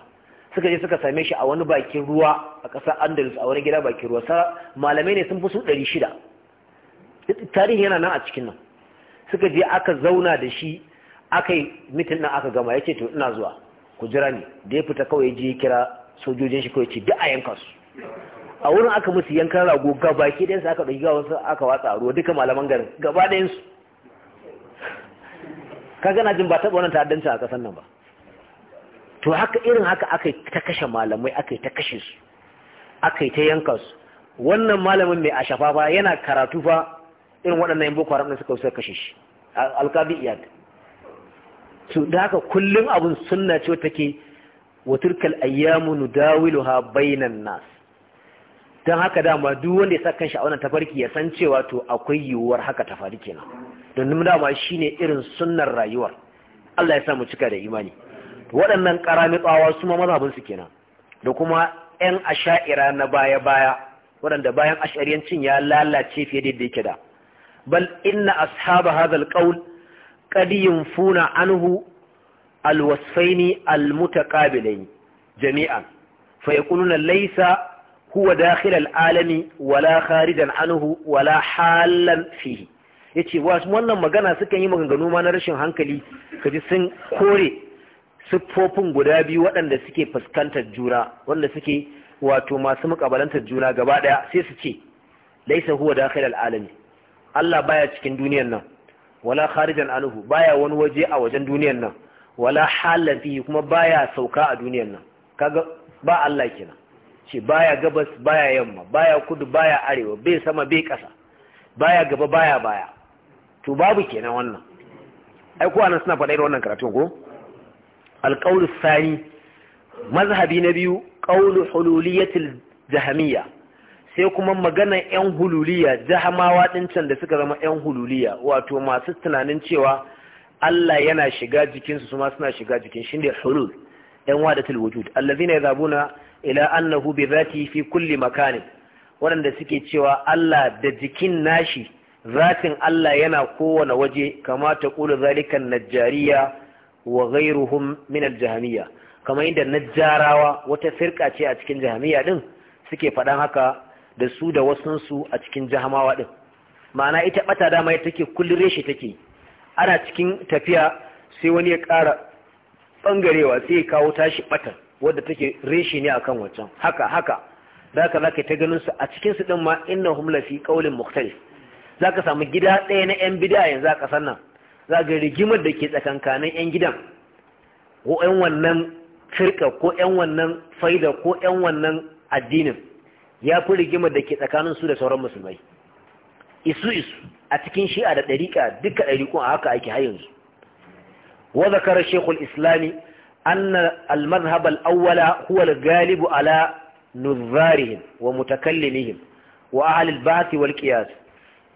suka je suka same shi a wani bakin ruwa a ƙasar andalus a wani gida bakin ruwa malamai ne sun fi su ɗari shida tarihi yana nan a cikin nan suka je aka zauna da shi aka yi mitin nan aka gama ya ce to ina zuwa ku jira ne da ya fita kawai je kira sojojin shi kawai ce duk a yanka su a wurin aka musu yankan rago gaba ke ɗayansu aka ɗauki wasu aka watsa a ruwa duka malaman garin gaba ɗayansu kaga na jin ba taɓa wannan ta'addanci a ƙasar nan ba to haka irin haka aka ta kashe malamai aka ta kashe su aka ta yanka su wannan malamin mai ashafa ba yana karatu fa irin waɗannan yan boko haram suka suka kashe shi alƙabi iyad su da haka kullum abin sunna ce take wa turkal ayyamu nudawiluha bainan nas don haka dama duk wanda ya sa kanshi a wannan tafarki ya san cewa to akwai yiwuwar haka ta faru kenan don dama shine irin sunnar rayuwar Allah ya sa mu cika da imani waɗannan ƙaramitsawa su ma mazhabinsu kenan da kuma 'yan asha'ira na baya-baya waɗanda bayan ashariyancin ya lalace fiye da yake da bal inna ashaba hadzal qawl qad yunfuna anhu alwasfaini almutaqabilain jami'an fa yaquluna laysa huwa dakhil alalami wala kharijan anhu wala halan fihi yace wannan magana suka yi maganganu ma na rashin hankali kaji sun kore siffofin guda biyu waɗanda suke fuskantar juna wanda suke wato masu mukabalantar juna gaba ɗaya sai su ce laisa huwa dakhil al-alami Allah baya cikin duniyar nan wala kharijan anhu baya wani waje a wajen duniyar nan wala halan fihi kuma baya sauka a duniyar nan kaga ba Allah kenan ce baya gabas baya yamma baya kudu baya arewa bai sama bai ƙasa baya gaba baya baya to babu kenan wannan ai ko suna faɗa irin wannan karatun ko alƙaulu sani mazhabi na biyu ƙaulu hululiyatil jahamiyya sai kuma magana yan hululiya jahamawa ɗincan da suka zama yan hululiya wato masu tunanin cewa Allah yana shiga jikinsu su suna shiga jikin shi ne hulul yan wadatul wujud allazina yazabuna ila annahu bi zati fi kulli makanin waɗanda suke cewa Allah da jikin nashi zatin Allah yana kowane waje kama ta ƙulu zalikan najjariya wa ghairuhum min al-jahmiyya kamar inda najjarawa wata firka ce a cikin jahmiyya din suke fadan haka da su da su a cikin jahamawa din ma'ana ita bata dama take kullun reshe take ana cikin tafiya sai wani ya kara bangarewa sai ya kawo tashi batan wadda take reshe ne akan wancan haka haka zaka zaka ta ganin su a cikin su din ma innahum lafi qaulin mukhtalif zaka samu gida ɗaya na yan bid'a yanzu a ƙasar nan za ga rigimar da ke tsakankanin 'yan gidan ko 'yan wannan firka ko 'yan wannan faida ko 'yan wannan addinin ya fi rigimar da ke tsakanin su da sauran musulmai isu isu a cikin shi'a da ɗariƙa duka ɗariƙun a haka ake har yanzu wa shekul islami anna al-mazhab al-awwala huwa galibu ala nuzarihim wa mutakallimihim wa ahli al wal qiyas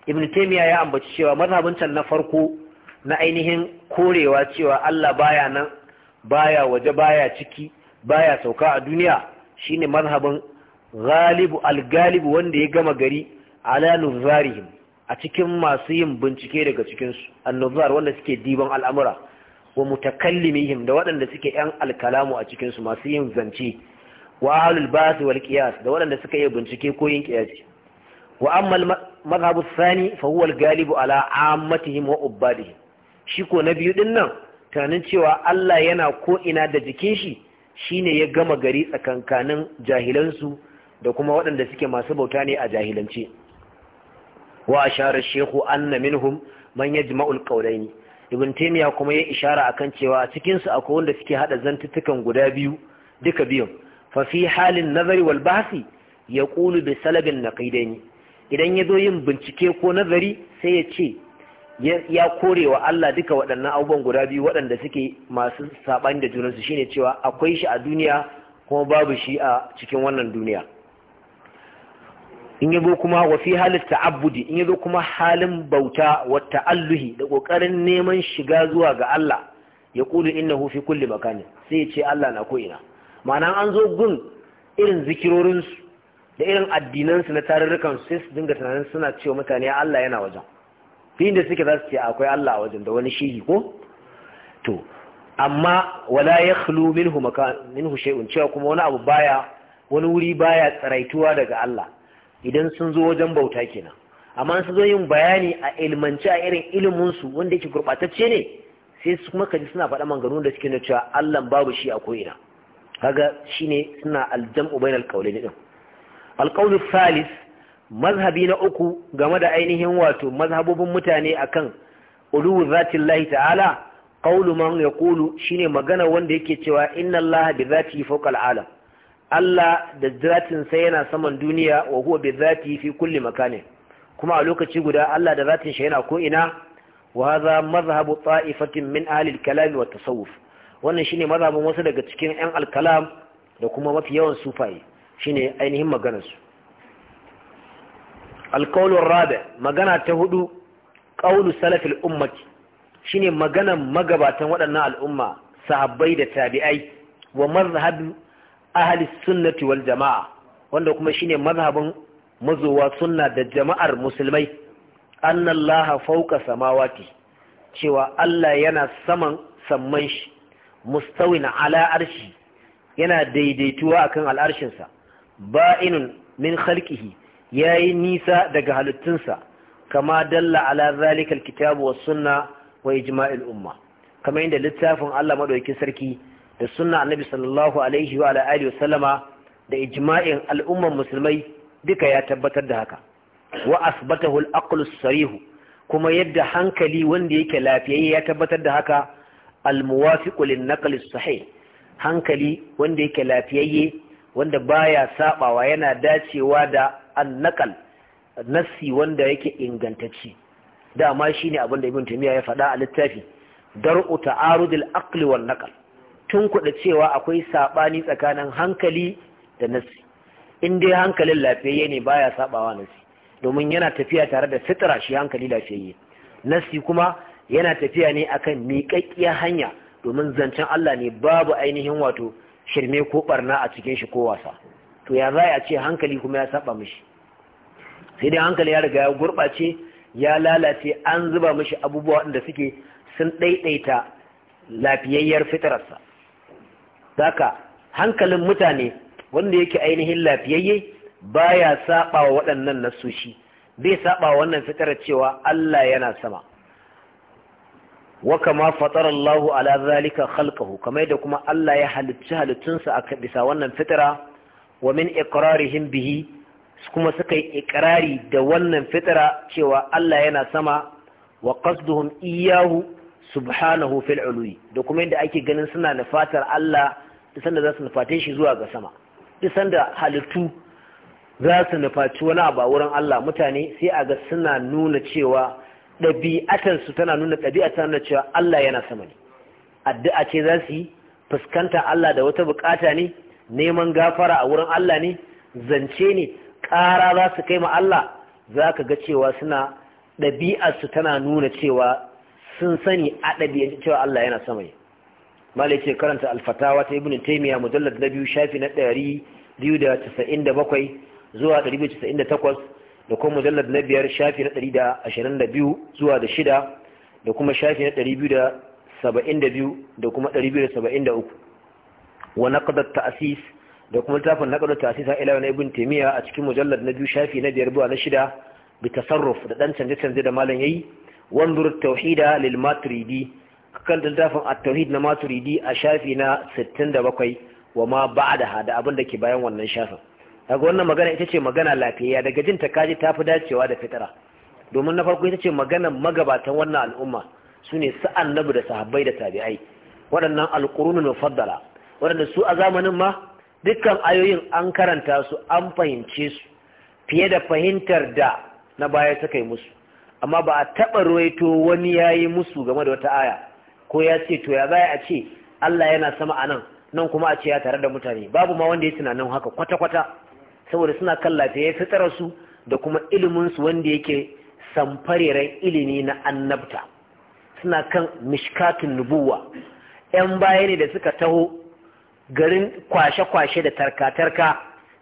ibn taymiya ya ambaci cewa mazhabin can na farko na ainihin korewa cewa Allah baya nan baya waje baya ciki baya sauka a duniya shine mazhabin galibu al-galibu wanda ya gama gari ala nuzarihim a cikin masu yin bincike daga cikinsu annuzar wanda suke diban al'amura wa mutakallimihim da waɗanda suke ‘yan alkalamu a cikinsu masu yin zance wa ahalul basi wal qiyas da waɗanda suka yi bincike ko yin qiyasi wa amma mazhabu sani fa huwa al-galibu ala ammatihim wa ubbadihim shi ko na biyu din nan tunanin cewa Allah yana ko ina da jikin shi shine ya gama gari tsakankanin jahilansu da kuma waɗanda suke masu bauta ne a jahilance wa ashara shehu anna minhum man yajma'ul ƙaunani, ibn taymiya kuma ya ishara akan cewa cikin su akwai wanda suke hada zantuttukan guda biyu duka biyun fa halin nazari wal bahsi yaqulu bi salabin naqidaini idan ya zo yin bincike ko nazari sai ya ce ya kore wa Allah duka waɗannan abubuwan guda biyu waɗanda suke masu saɓani da junansu shine cewa akwai shi a duniya kuma babu shi a cikin wannan duniya in yabo kuma wa fi halin ta'abudi in yabo kuma halin bauta wa ta'alluhi da ƙoƙarin neman shiga zuwa ga Allah ya kulu inna hufi kulli makani sai ya ce Allah na ko ina ma'ana an zo gun irin zikirorinsu da irin addinansu na tarurrukan sai su dinga tunanin suna cewa mutane Allah yana wajen din da suke za su ce akwai Allah wajen da wani shi ko to amma wala yakhlu minhu makan minhu shay'un cewa kuma wani abu baya wani wuri baya tsaraituwa daga Allah idan sun zo wajen bauta kenan amma sun zo yin bayani a ilmanci a irin ilimin su wanda yake gurbatacce ne sai su kuma kaji suna faɗa maganganu da suke na cewa Allah babu shi a ko'ina kaga shine suna aljam'u bainal qawlayn din alqawlu thalith mazhabi na uku game da ainihin wato mazhabobin mutane akan uluwu zatin ta'ala qawlu man yaqulu shine magana wanda yake cewa inna allah bi zati fawqa al'alam Allah da zatin sa yana saman duniya wa huwa bi zati fi kulli makani kuma a lokaci guda Allah da zatin shi yana ko ina wa hadha mazhabu ta'ifatin min ahli al-kalam wa tasawuf wannan shine mazhabin wasu daga cikin 'yan al-kalam da kuma mafi yawan sufaye shine ainihin maganar su alkaulun rabe magana ta hudu ƙaunu salafil ummati shine maganan magabatan waɗannan al'umma sahabbai da tabi'ai wa mazhabin ahli sunnati wal jama'a wanda kuma shine mazhabin mazowa sunna da jama'ar musulmai annallaha fawqa samawati cewa Allah yana saman samman shi mustawin ala arshi yana daidaituwa akan al'arshinsa ba'inun min khalqihi ya yi nisa daga halittunsa kama dalla ala zalikal kitabu wa sunna wa ijma'il umma kama inda littafin Allah madaukakin sarki da sunna annabi sallallahu alaihi wa alihi wasallama da ijma'in al'umman musulmai duka ya tabbatar da haka wa asbatahu al sarihu kuma yadda hankali wanda yake lafiyayye ya tabbatar da haka al-muwafiqu lin-naqli sahih hankali wanda yake lafiyayye wanda baya sabawa yana dacewa da annakal nassi wanda yake ingantacci dama shine abin da ibn tamiya ya faɗa a littafi dar'u ta'arudil aqli wal naqal tun kuɗa cewa akwai saɓani tsakanin hankali da nassi in dai hankalin lafiyayye ne baya sabawa nassi domin yana tafiya tare da fitra shi hankali lafiyayye nassi kuma yana tafiya ne akan miƙaƙƙiyar hanya domin zancen Allah ne babu ainihin wato shirme ko barna a cikin shi ko wasa to ya zaya a ce hankali kuma ya saba mashi? sai dai hankali ya riga ya gurɓace ya lalace an zuba mashi abubuwa da suke sun ɗaiɗaita lafiyayyar fitararsa haka hankalin mutane wanda yake ainihin lafiyayye baya saba wa waɗannan nasoshi bai saba wa wannan fitarar cewa Allah yana sama wa kama fatara ala zalika khalqahu kamar da kuma Allah ya halicci halittunsa aka bisa wannan fitara wa min iqrarihim bihi kuma suka yi iqrari da wannan fitara cewa Allah yana sama wa qasduhum iyyahu subhanahu fil ulwi da kuma inda ake ganin suna nufatar Allah duk sanda za su nufate shi zuwa ga sama duk sanda halittu za su nufaci wani abu a wurin Allah mutane sai a ga suna nuna cewa ɗabi'atansu tana nuna ɗabi'a tana nuna cewa Allah yana sama ne addu'a ce za su yi fuskanta Allah da wata bukata ne neman gafara a wurin Allah ne zance ne ƙara za su kai ma Allah za ka ga cewa suna ɗabi'arsu tana nuna cewa sun sani a ɗabi'ar cewa Allah yana sama ne malai ce karanta alfatawa ta ibn taimiyya mujallar na biyu shafi na ɗari biyu da casa'in da bakwai zuwa ɗari biyu casa'in da takwas da kuma mujallar na biyar shafi na ɗari da ashirin da biyu zuwa da shida da kuma shafi na ɗari biyu da saba'in da biyu da kuma ɗari biyu da saba'in da uku wa naqdat ta'sis da kuma littafin naqdat ta'sis a ila ibn taymiya a cikin mujallad na biyu shafi na biyar zuwa na shida bi tasarruf da dan canje canje da malam yayi wanzur tauhida lil maturidi kan littafin at-tauhid na maturidi a shafi na 67 wa ma ba'daha da abin da ke bayan wannan shafin daga wannan magana ita ce magana lafiya daga jin ta kaji tafi dacewa da fitara domin na farko ita ce magana magabatan wannan al'umma su ne sa'an annabi da sahabbai da tabi'ai waɗannan alƙurunin mufaddala waɗanda su a zamanin ma dukkan ayoyin an karanta su an fahimce su fiye da fahimtar da na baya suka yi musu amma ba a taɓa ruwaito wani ya yi musu game da wata aya ko ya ce to ya baya a ce Allah yana sama anan nan kuma a ce ya tare da mutane babu ma wanda ya tunanin haka kwata-kwata saboda suna kan lafiya ya su da kuma ilimin su wanda yake samfareren ilimi na annabta suna kan mishkatun nubuwa 'yan baya ne da suka taho garin kwashe-kwashe da tarka-tarka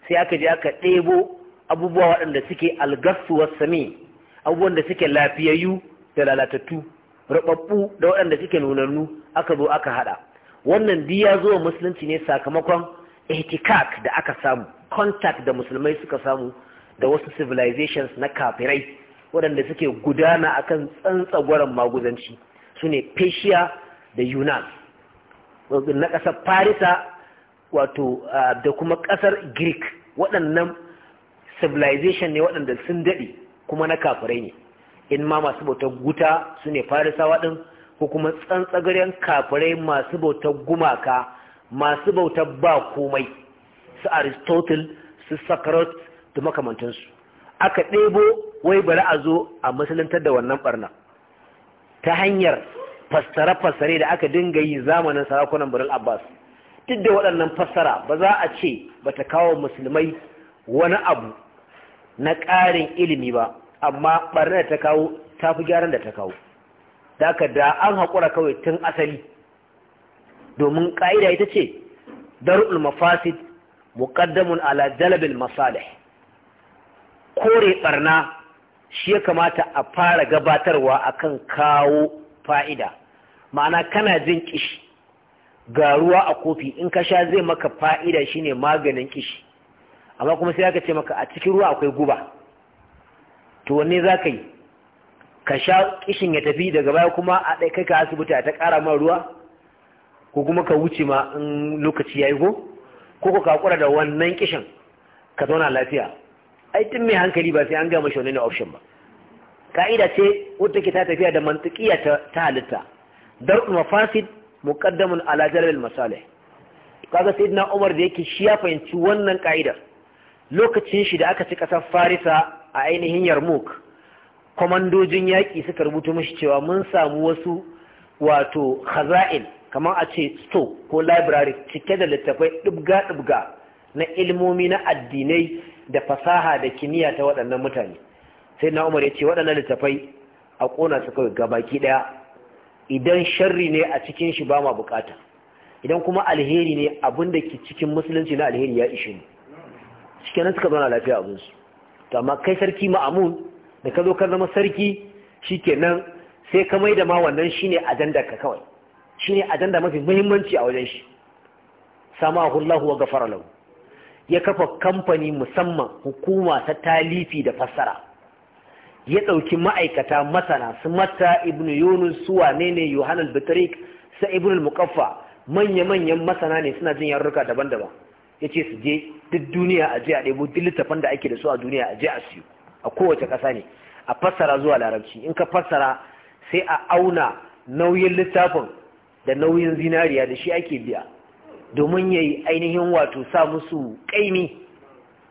sai aka je aka ɗebo abubuwa waɗanda suke algasuwar sami abubuwan da suke lafiyayyu da lalatattu rababbu da waɗanda suke nunannu aka zo aka haɗa wannan diya zuwa musulunci ne sakamakon ihtikak da aka samu contact da musulmai suka samu da wasu civilizations na kafirai waɗanda suke gudana akan tsantsagwaran maguzanci su ne da yunan na ƙasar farisa wato da kuma ƙasar greek waɗannan civilization ne waɗanda sun daɗe kuma na kafirai ne in ma masu bautar guta su ne farisawa ɗin ko kuma tsantsagaren kafirai masu bautar gumaka masu bautar ba komai su aristotle su sakarot da makamantansu aka ɗebo wai bari a zo a musuluntar da wannan ɓarna ta hanyar fassare-fassare da aka dinga yi zamanin sarakunan birnin abbas duk da waɗannan fassara ba za a ce ba ta kawo musulmai wani abu na ƙarin ilimi ba amma ɓarnar da ta kawo ta fi gyaran da ta kawo da aka da an haƙura kawai tun asali domin ƙa'ida ita ce darul mafasid muqaddamun ala jalabil masalih kore ɓarna shi ya kamata a fara gabatarwa akan kawo fa'ida ma'ana kana jin kishi ga ruwa a kofi in ka sha zai maka fa'ida shi ne maganin kishi amma kuma sai aka ce maka a cikin ruwa akwai guba to wanne za ka yi ka sha kishin ya tafi daga baya kuma a ɗai kai ka asibiti a ta ƙara ma ruwa ko kuma ka wuce ma in lokaci ya yi ko ko ka kakura da wannan kishin ka zauna lafiya ai tun mai hankali ba sai an gama shi wani option ba ka'ida ce wadda ke ta tafiya da mantikiya ta halitta dar'ul mafasid muqaddamun ala jalal masalih kaga sayyidina Umar da yake shi ya fahimci wannan ka'idar lokacin shi da aka ci kasar Farisa a ainihin yarmuk komandojin yaki suka rubuta mashi cewa mun samu wasu wato khaza'in kamar a ce sto ko library cike da littafai dubga dubga na ilmomi na addinai da fasaha da kimiyya ta waɗannan mutane sai na umar ya ce waɗannan littafai a ƙona su kawai gabaki ɗaya idan sharri ne a cikin shi ba ma bukata idan kuma alheri ne abin da ke cikin musulunci na alheri ya ishe ne cikin suka zauna lafiya abin su, to amma kai sarki ma'amun da ka zo ka zama sarki shikenan sai ka mai da ma wannan shine ajandar ka kawai shine ajanda mafi muhimmanci a wajen shi samahu wa ghafara ya kafa kamfani musamman hukuma ta talifi da fassara ya ɗauki ma'aikata masana su mata ibn yunus su wane ne yohanan bitrik sa ibn mukaffa manya-manyan masana ne suna jin yarurruka daban-daban ya ce su je duk duniya a je a ɗebo duk littafan da ake da su a duniya a je a siyo a kowace ƙasa ne a fassara zuwa larabci in ka fassara sai a auna nauyin littafin da nauyin zinariya da shi ake biya domin ya yi ainihin wato sa musu ƙaimi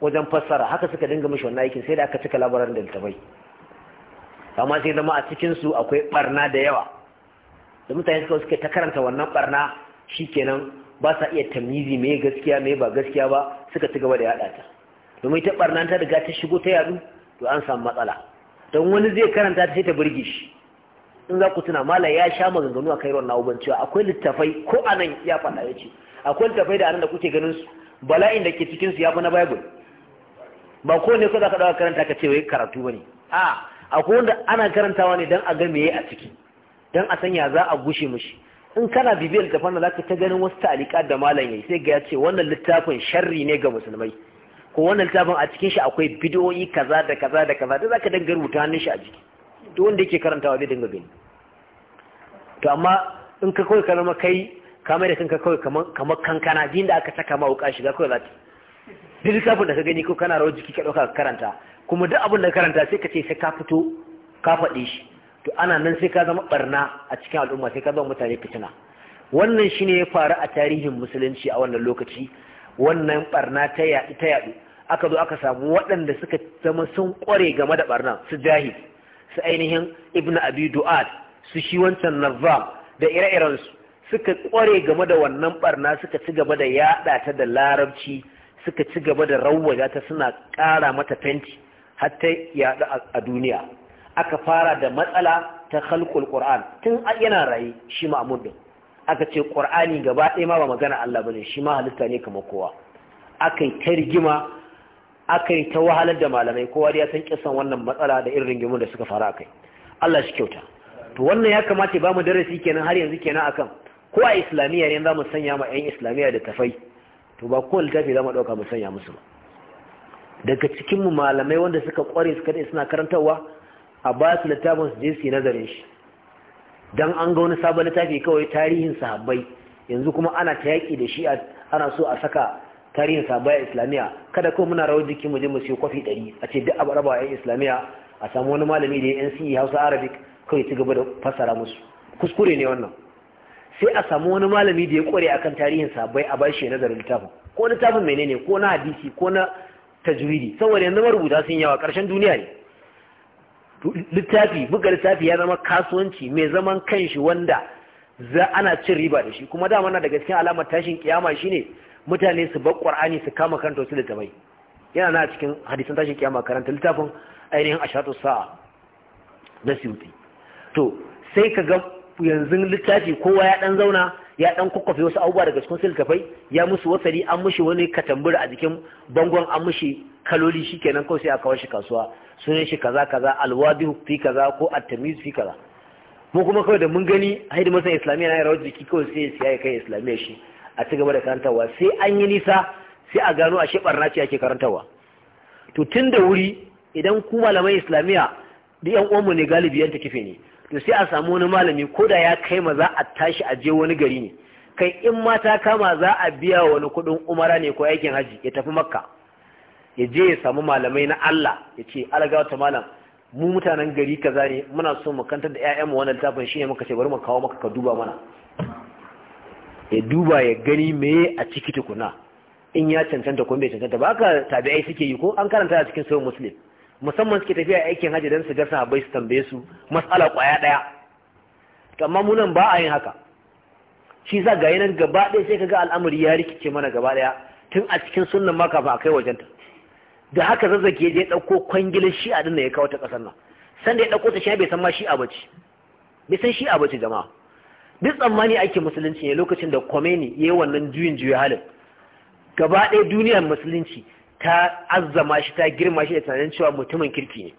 wajen fassara haka suka dinga mishi wannan aikin sai da aka cika labarin da littafai amma sai zama a cikinsu akwai barna da yawa da mutane suka suke ta karanta wannan barna shikenan ba sa iya tamizi mai gaskiya mai ba gaskiya ba suka ci gaba da yada ta domin ta barna ta riga ta shigo ta yadu to an samu matsala don wani zai karanta ta sai ta burge shi in za ku tuna malam ya sha maganganu a kai wannan uban cewa akwai littafai ko anan ya faɗa ya ce akwai littafai da anan da kuke ganin su bala'in da ke cikin su ya fi na bible ba ko ne ko za ka ɗaga karanta ka ce wai karatu ba ne a akwai wanda ana karantawa ne don a ga meye a ciki don a sanya za a gushe mishi in kana bibiyar littafin da zaka ta ganin wasu ta'alika da malam yayi sai ga ya ce wannan littafin sharri ne ga musulmai ko wannan littafin a cikin shi akwai bidiyoyi kaza da kaza da kaza da zaka dinga rubuta hannun shi a jiki duk wanda yake karantawa zai dinga gani to amma in ka kawai kalma kai ka mai da kanka kawai kamar kankana jin da aka saka ma wuka shiga kawai zata duk lissafin da ka gani ko kana rawar jiki ka ɗauka karanta kuma duk abin da ka karanta sai ka ce sai ka fito ka faɗi shi to ana nan sai ka zama ɓarna a cikin al'umma sai ka zama mutane fitina wannan shi ne ya faru a tarihin musulunci a wannan lokaci wannan ɓarna ta yaɗu ta yaɗu aka zo aka samu waɗanda suka zama sun ƙware game da barna su jahil su ainihin ibn abi du'ad su shi wancan nazam da ire-irensu suka ƙware game da wannan ɓarna suka ci gaba da yaɗa ta da larabci suka ci gaba da rawwaja ta suna ƙara mata fenti har ta yaɗu a duniya aka fara da matsala ta halkul ƙur'an tun yana raye shi ma'amun din aka ce ƙur'ani gaba ɗaya ma ba magana Allah bane shi ma halitta ne kamar kowa aka yi ta rigima aka yi ta wahalar da malamai kowa da ya san kisan wannan matsala da irin rigimun da suka fara akai Allah shi kyauta to wannan ya kamata ba mu darasi kenan har yanzu kenan akan ko a islamiyya ne za mu sanya ma 'yan islamiyya da tafai to ba kowane littafi za mu ɗauka mu sanya musu ba daga cikin mu malamai wanda suka ƙware suka ɗaya suna karantarwa a ba su littafin su je su yi nazarin shi Don an ga wani sabon littafi kawai tarihin sahabbai yanzu kuma ana ta yaƙi da shi ana so a saka tarihin sahabbai a islamiyya kada kawai muna rawar jiki mu je mu siyo kwafi ɗari a ce duk abu raba a islamiyya a samu wani malami da ya nce hausa arabic kawai ci gaba da fassara musu kuskure ne wannan sai a samu wani malami da ya kware akan tarihin sabai a bashi nazarin littafin ko littafin menene ko na hadisi ko na tajwidi saboda yanzu marubuta sun yawa karshen duniya ne littafi buga littafi ya zama kasuwanci mai zaman kanshi wanda za ana cin riba da shi kuma dama na daga cikin alamar tashin kiyama shine mutane su bar qur'ani su kama kanta su littafai yana na cikin hadisin tashin kiyama karanta littafin ainihin ashatu sa'a na siyuti to sai ka ga yanzu littafi kowa ya dan zauna ya dan kwakwafi wasu abubuwa daga cikin sulkafai ya musu wasari an mushi wani katambura a jikin bangon an mushi kaloli shikenan kawai sai a kawo shi kasuwa sunan shi kaza kaza alwadi fi kaza ko at-tamiz fi kaza mu kuma kawai da mun gani hidimar masan islamiya na rawar jiki kawai sai siya ya kai islamiyya shi a ci gaba da karantarwa sai an yi nisa sai a gano a barna ce ake karantarwa to tun da wuri idan ku malamai islamiyya da yan uwanmu ne galibi yan takife ne to sai a samu wani malami ko da ya kai ma za a tashi a je wani gari ne kai in ma ta kama za a biya wani kudin umara ne ko aikin haji ya tafi makka ya je ya samu malamai na Allah ya ce alagawata ta malam mu mutanen gari kaza ne muna so mu kantar da ƴaƴanmu wannan littafin shine muka ce bari mu kawo maka ka duba mana ya duba ya gani meye a ciki tukuna in ya cancanta ko bai cancanta ba haka tabi'ai suke yi ko an karanta a cikin sahih muslim musamman suke tafiya aikin hajji don su ga sahabbai su tambaye su matsala kwaya daya amma munan ba a yin haka shi za ga nan gaba ɗaya sai kaga al'amari ya rikice mana gaba ɗaya tun a cikin sunan ma kafin a kai wajenta da haka zazzage je ɗauko kwangilin shi'a din da ya kawo ta ƙasar nan sanda ya ɗauko ta shi bai san ma shi a bace bai san shi a bace jama'a duk tsammani ake musulunci ne lokacin da Khomeini ya yi wannan juyin juya halin gaba ɗaya duniyar musulunci ta azzama shi ta girma shi da tunanin cewa mutumin kirki ne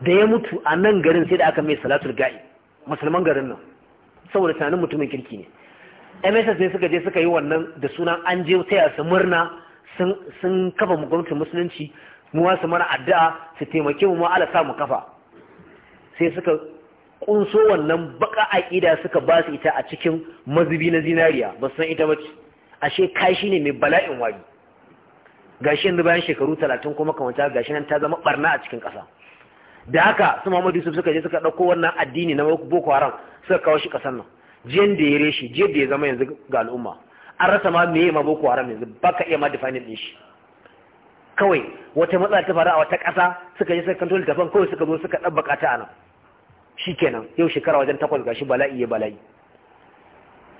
da ya mutu a nan garin sai da aka mai salatul ga'i musulman garin nan saboda tunanin mutumin kirki ne mss ne suka je suka yi wannan da sunan an je ta su murna sun kafa mu gwamnatin musulunci mu su mana addu'a su taimake mu ma ala sa mu kafa sai suka kunso wannan baka aƙida suka ba su ita a cikin mazubi na zinariya ba san ita ba ashe kashi ne mai bala'in wari gashi yanzu bayan shekaru talatin kuma kamata gashi nan ta zama barna a cikin ƙasa da haka su Muhammadu Yusuf suka je suka ɗauko wannan addini na Boko Haram suka kawo shi ƙasar nan jiyan da ya reshi jiyan da ya zama yanzu ga al'umma an rasa ma me ma Boko Haram yanzu baka iya ma defining ɗin shi kawai wata matsala ta faru a wata ƙasa suka je suka kanto littafin kawai suka zo suka ɗan buƙata a nan shikenan yau shekara wajen takwas gashi bala'i ya bala'i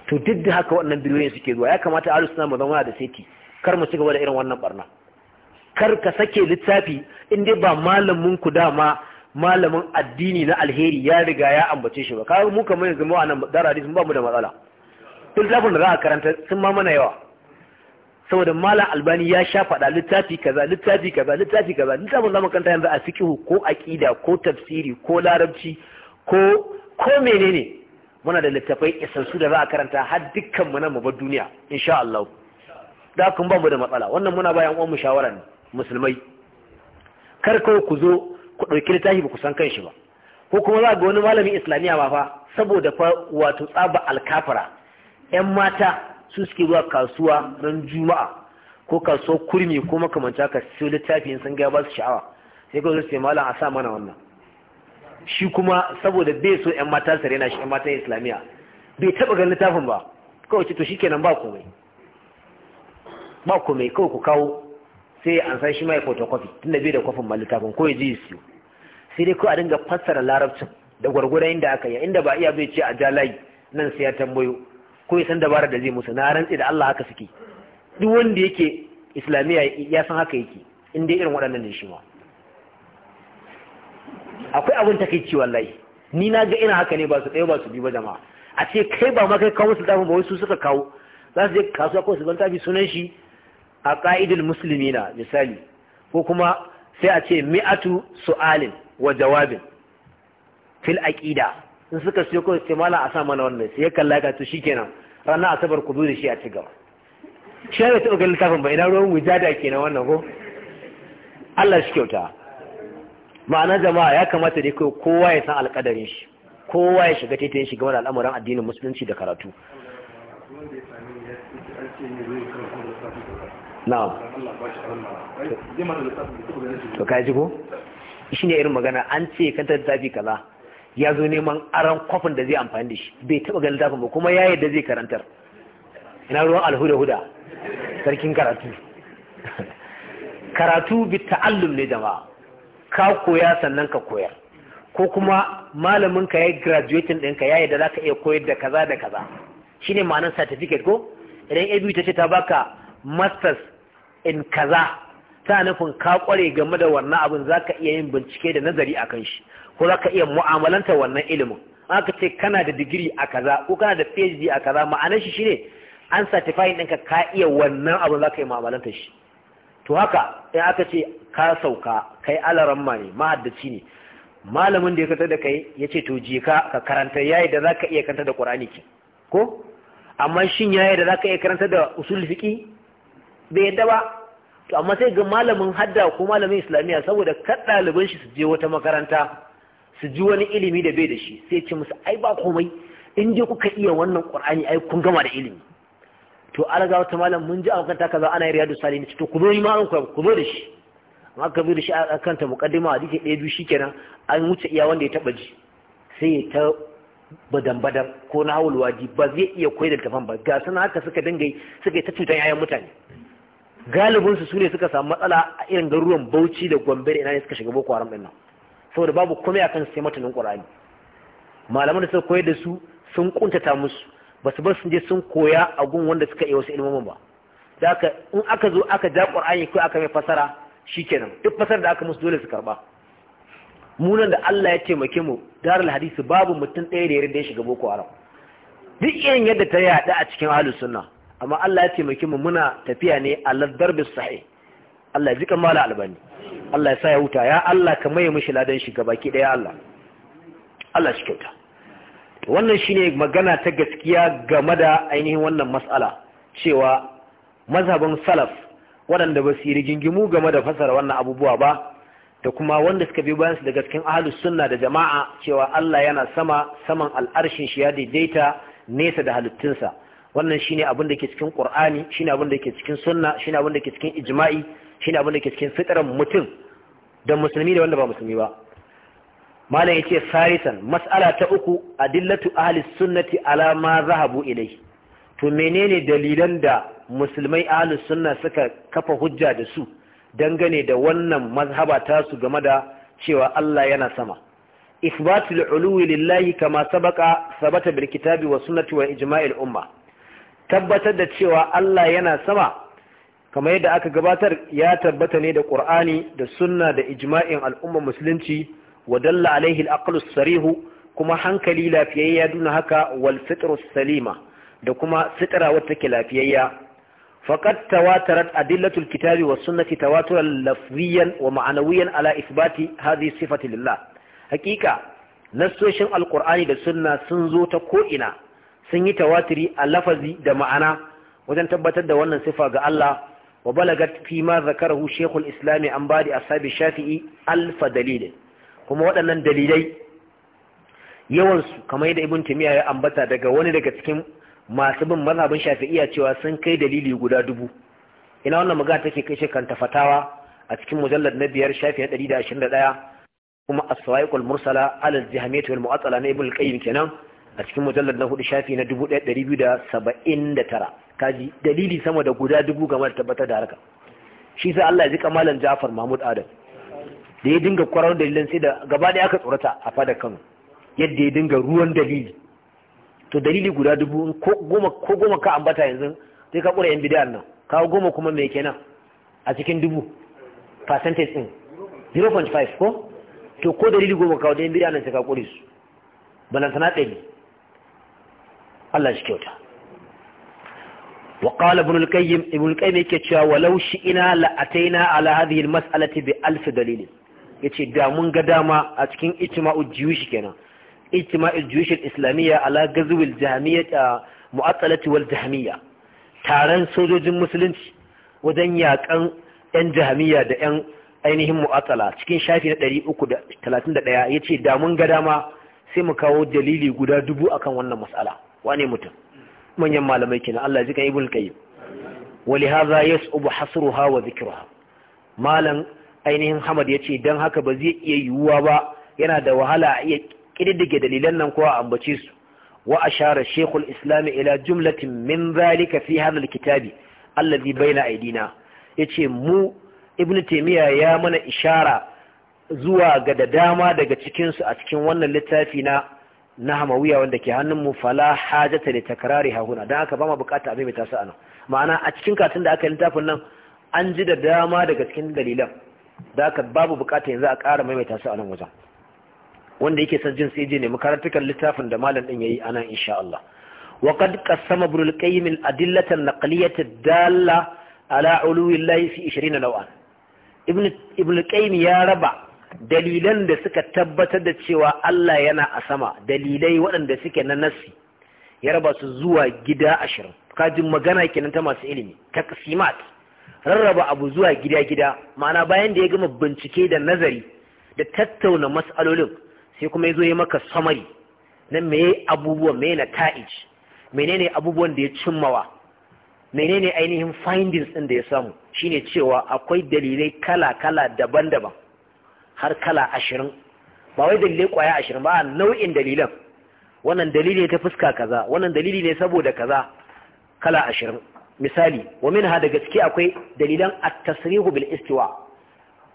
to duk da haka waɗannan biliyoyin suke zuwa ya kamata ahlus na mu da seti kar mu ci gaba da irin wannan barna kar ka sake littafi in dai ba malamin ku dama malamin addini na alheri ya riga ya ambace shi ba ka mu kamar yanzu mu a nan dara hadisi ba mu da matsala littafin da za a karanta sun ma mana yawa saboda malam albani ya sha faɗa littafi kaza littafi kaza littafi kaza littafin da kanta yanzu a fiqhu ko aqida ko tafsiri ko larabci ko ko menene muna da littafai isassu da za a karanta har dukkan mu nan mu bar duniya insha Allah da kun ba mu da matsala wannan muna bayan uwan mu shawara ne musulmai kar kawai ku zo ku ɗauki littafi ba ku san kan shi ba ko kuma za ga wani malamin islamiyya ba fa saboda fa wato tsaba alkafara yan mata su suke zuwa kasuwa don juma'a ko kasuwar kurmi ko makamanta ka su littafi sun ga ba su sha'awa sai kawai su malam a sa mana wannan shi kuma saboda bai so yan mata su rena shi yan matan islamiyya bai taba ganin littafin ba kawai to shikenan ba komai ba ku mai kawai ku kawo sai an san shi mai photocopy tunda bai da kwafin malitafin ko ya ji su sai dai ko a dinga fassara larabcin da gwargwadon inda aka yi inda ba iya bai ce a jalai nan sai ya tambayo ko ya san dabarar da zai musu na rantsi da Allah haka suke duk wanda yake islamiyya ya san haka yake in dai irin waɗannan ne shi ma akwai abin takeici wallahi ni na ga ina haka ne ba su ɗaya ba su biyu ba jama'a a ce kai ba ma kai kawo musu ba wai su suka kawo za su je kasuwa ko su ban tafi sunan shi a ƙa'idul musulmi na misali ko kuma sai a ce mi'atu su'alin wa jawabin fil aƙida in suka siyo ko sai mala a sa mana wannan sai ya kalla ka to shikenan ranar asabar ku da shi a ci gaba shi ne ta ga littafin ba ina ruwan wujada kenan wannan ko Allah shi kyauta ma'ana jama'a ya kamata dai kai kowa ya san alƙadarin shi kowa ya shiga shi shiga wani al'amuran addinin musulunci da karatu na'am to kai ji irin magana an ce kaza ya zo neman aran kwafin da zai amfani da shi bai taba ganin littafin ba kuma ya yadda zai karantar ina ruwan alhuda-huda sarkin karatu karatu bi ta'allum ne jama'a ka koya sannan ka koyar ko kuma malamin ka ya graduating ɗinka ya yadda za ka iya koyar da kaza da kaza shine ma'anar certificate ko idan abu ta ce ta baka masters in kaza ta nufin ka kware game da wannan abin za ka iya yin bincike da nazari a kan shi ko za ka iya mu'amalanta wannan ilimin aka ce kana da digiri a kaza ko kana da phd a kaza ma'anar shi shine an certifying ɗinka ka iya wannan abin za ka yi mu'amalanta shi to haka in aka ce ka sauka kai ma ne mahaddaci ne malamin da ya kanta da kai ya ce to je ka ka karanta yayi da za ka iya karanta da qur'ani ko amma shin yayi da za ka iya karanta da usul fiqi bai yadda ba to amma sai ga malamin hadda ko malamin islamiyya saboda kar ɗaliban shi su je wata makaranta su ji wani ilimi da bai da shi sai ce musu ai ba komai in je kuka iya wannan qur'ani ai kun gama da ilimi to alaga wata malam mun ji a ta kaza ana riyadu salihin to ku zo ni ma ku zo da shi amma ka da shi a kanta muqaddima hadisi ɗaya biyu shikenan an wuce iya wanda ya taba ji sai ya ta badan-badan ko na hawul waji ba zai iya koyar da tafan ba ga suna haka suka dinga suka yi ta cutar yayan mutane galibinsu su ne suka samu matsala a irin garuruwan bauchi da gombe da ina ne suka shiga boko haram ɗin nan saboda babu komai akan sai matanin ƙur'ani malaman da suka koyar da su sun kuntata musu ba su bar sun je sun koya a gun wanda suka iya wasu ilmomin ba da aka in aka zo aka ja ƙur'ani ko aka mai fasara kenan, duk fasar da aka musu dole su karba munan da Allah ya taimake mu darul hadisi babu mutum ɗaya da ya shiga boko haram duk irin yadda ta yaɗa a cikin ahlus sunna amma Allah ya taimake mu muna tafiya ne a bis sahi Allah ya jika mala albani Allah ya sa ya huta ya Allah ka maye mishi ladan shi gabaki daya Allah Allah shi kyauta wannan shine magana ta gaskiya game da ainihin wannan mas'ala cewa mazhaban salaf waɗanda ba su yi rigingimu game da fasara wannan abubuwa ba da kuma wanda suka bi bayan su da gaskin ahalus sunna da jama'a cewa Allah yana sama saman al'arshin shi ya daidaita nesa da halittunsa wannan shine abin da ke cikin qur'ani shine abin da ke cikin sunna shine abin da ke cikin ijma'i shine abin da ke cikin fitran mutum da musulmi da wanda ba musulmi ba malam yace sarisan mas'ala ta uku adillatu ahli sunnati ala ma zahabu ilai to menene dalilan da musulmai ahli sunna suka kafa hujja da su dangane da wannan mazhaba tasu game da cewa Allah yana sama إثبات العلو لله كما سبق ثبت بالكتاب والسنة وإجماع الأمة tabbatar da cewa Allah yana sama kamar yadda aka gabatar ya tabbata ne da ƙur'ani da sunna da ijma'in al'umma musulunci wa dalla alaihi al sarihu kuma hankali lafiyayya duna haka wal fitru salima da kuma fitra wacce take lafiyayya faqad tawatarat adillatu al-kitabi was sunnati tawaturan lafziyan wa ma'anawiyan ala isbati hadhihi sifati lillah hakika nassoshin alqur'ani da sunna sun zo ta ko ina sun yi tawatiri a lafazi da ma'ana wajen tabbatar da wannan sifa ga Allah wa balagat fi ma zakarahu shaykhul islami an bari ashabi shafi'i alfa dalilin kuma waɗannan dalilai yawansu kamar yadda ibn timiya ya ambata daga wani daga cikin masu bin mazhabin shafi'iya cewa sun kai dalili guda dubu ina wannan magana take kai shi kanta fatawa a cikin mujallar na biyar shafi na ɗari kuma as-sawaiqul mursala ala al-jahmiyyah wal mu'attala na ibn al-qayyim kenan a cikin mujallar na hudu shafi na 1279 kaji dalili sama da guda dubu game da tabbatar da harka shi sai Allah ya ji kamalan Ja'far Mahmud Adam da ya dinga kwarar dalilan sai da gaba da aka tsorata a fada Kano yadda ya dinga ruwan dalili to dalili guda dubu ko goma ko goma ka ambata yanzu sai ka kura yan bid'an nan kawo goma kuma me kenan a cikin dubu percentage din 0.5 ko to ko dalili goma kawo da yan bid'an nan sai ka kure su balantana ɗari Allah shi kyauta wa qala ibn al yake cewa walau ina la ataina ala hadhihi al-mas'alati bi alf dalil yace da mun ga dama a cikin ijma'u juyush kenan ijma'u juyush al-islamiyya ala ghazw al-jahmiyya mu'attalati taron sojojin musulunci wajen yakan yan jahmiyya da yan ainihin mu'attala cikin shafi na 331 yace da mun ga dama sai mu kawo dalili guda dubu akan wannan mas'ala wane mutum manyan malamai kenan Allah zika ibn qayyim wali hadha yas'ubu hasruha wa dhikruha malam ainihin Hamad yace dan haka ba zai iya yiwuwa ba yana da wahala a iya kididdige dalilan nan ko a ambace su wa ashara shaykhul islam ila jumlatin min zalika fi zai alkitabi alladhi bayna Ya yace mu ibn taymiya ya mana ishara zuwa ga da dama daga cikinsu a cikin wannan littafi na na hamawiya wanda ke hannunmu fala hajata da takarari hahuna don aka ba ma bukata abin mai tasa anan ma'ana a cikin katin da aka yi littafin nan an ji da dama daga cikin dalilan da aka babu bukata yanzu a ƙara maimaita su anan wajen wanda yake son jin sai je ne makarantukan littafin da malam din yayi anan insha Allah wa qad qassama ibn al-qayyim al-adillata an-naqliyata dalla ala uluwi llahi fi 20 naw'an ibn ibn al-qayyim ya raba dalilan da suka tabbatar da cewa Allah yana a sama dalilai waɗanda suke na nassi ya raba su zuwa gida ashirin kajin magana kenan ta masu ilimi taqsimat rarraba abu zuwa gida-gida ma'ana bayan da ya gama bincike da nazari da tattauna mas'alolin sai kuma ya zo ya maka samari na me abubuwan me na ta'ij menene abubuwan da ya cimmawa menene ainihin findings ɗin da ya samu shine cewa akwai dalilai kala-kala daban-daban har kala ashirin ba wai dalilai kwaya ashirin ba nau'in dalilan wannan dalili ne ta fuska kaza wannan dalili ne saboda kaza kala ashirin misali wa ha daga ciki akwai dalilan at-tasrihu bil istiwa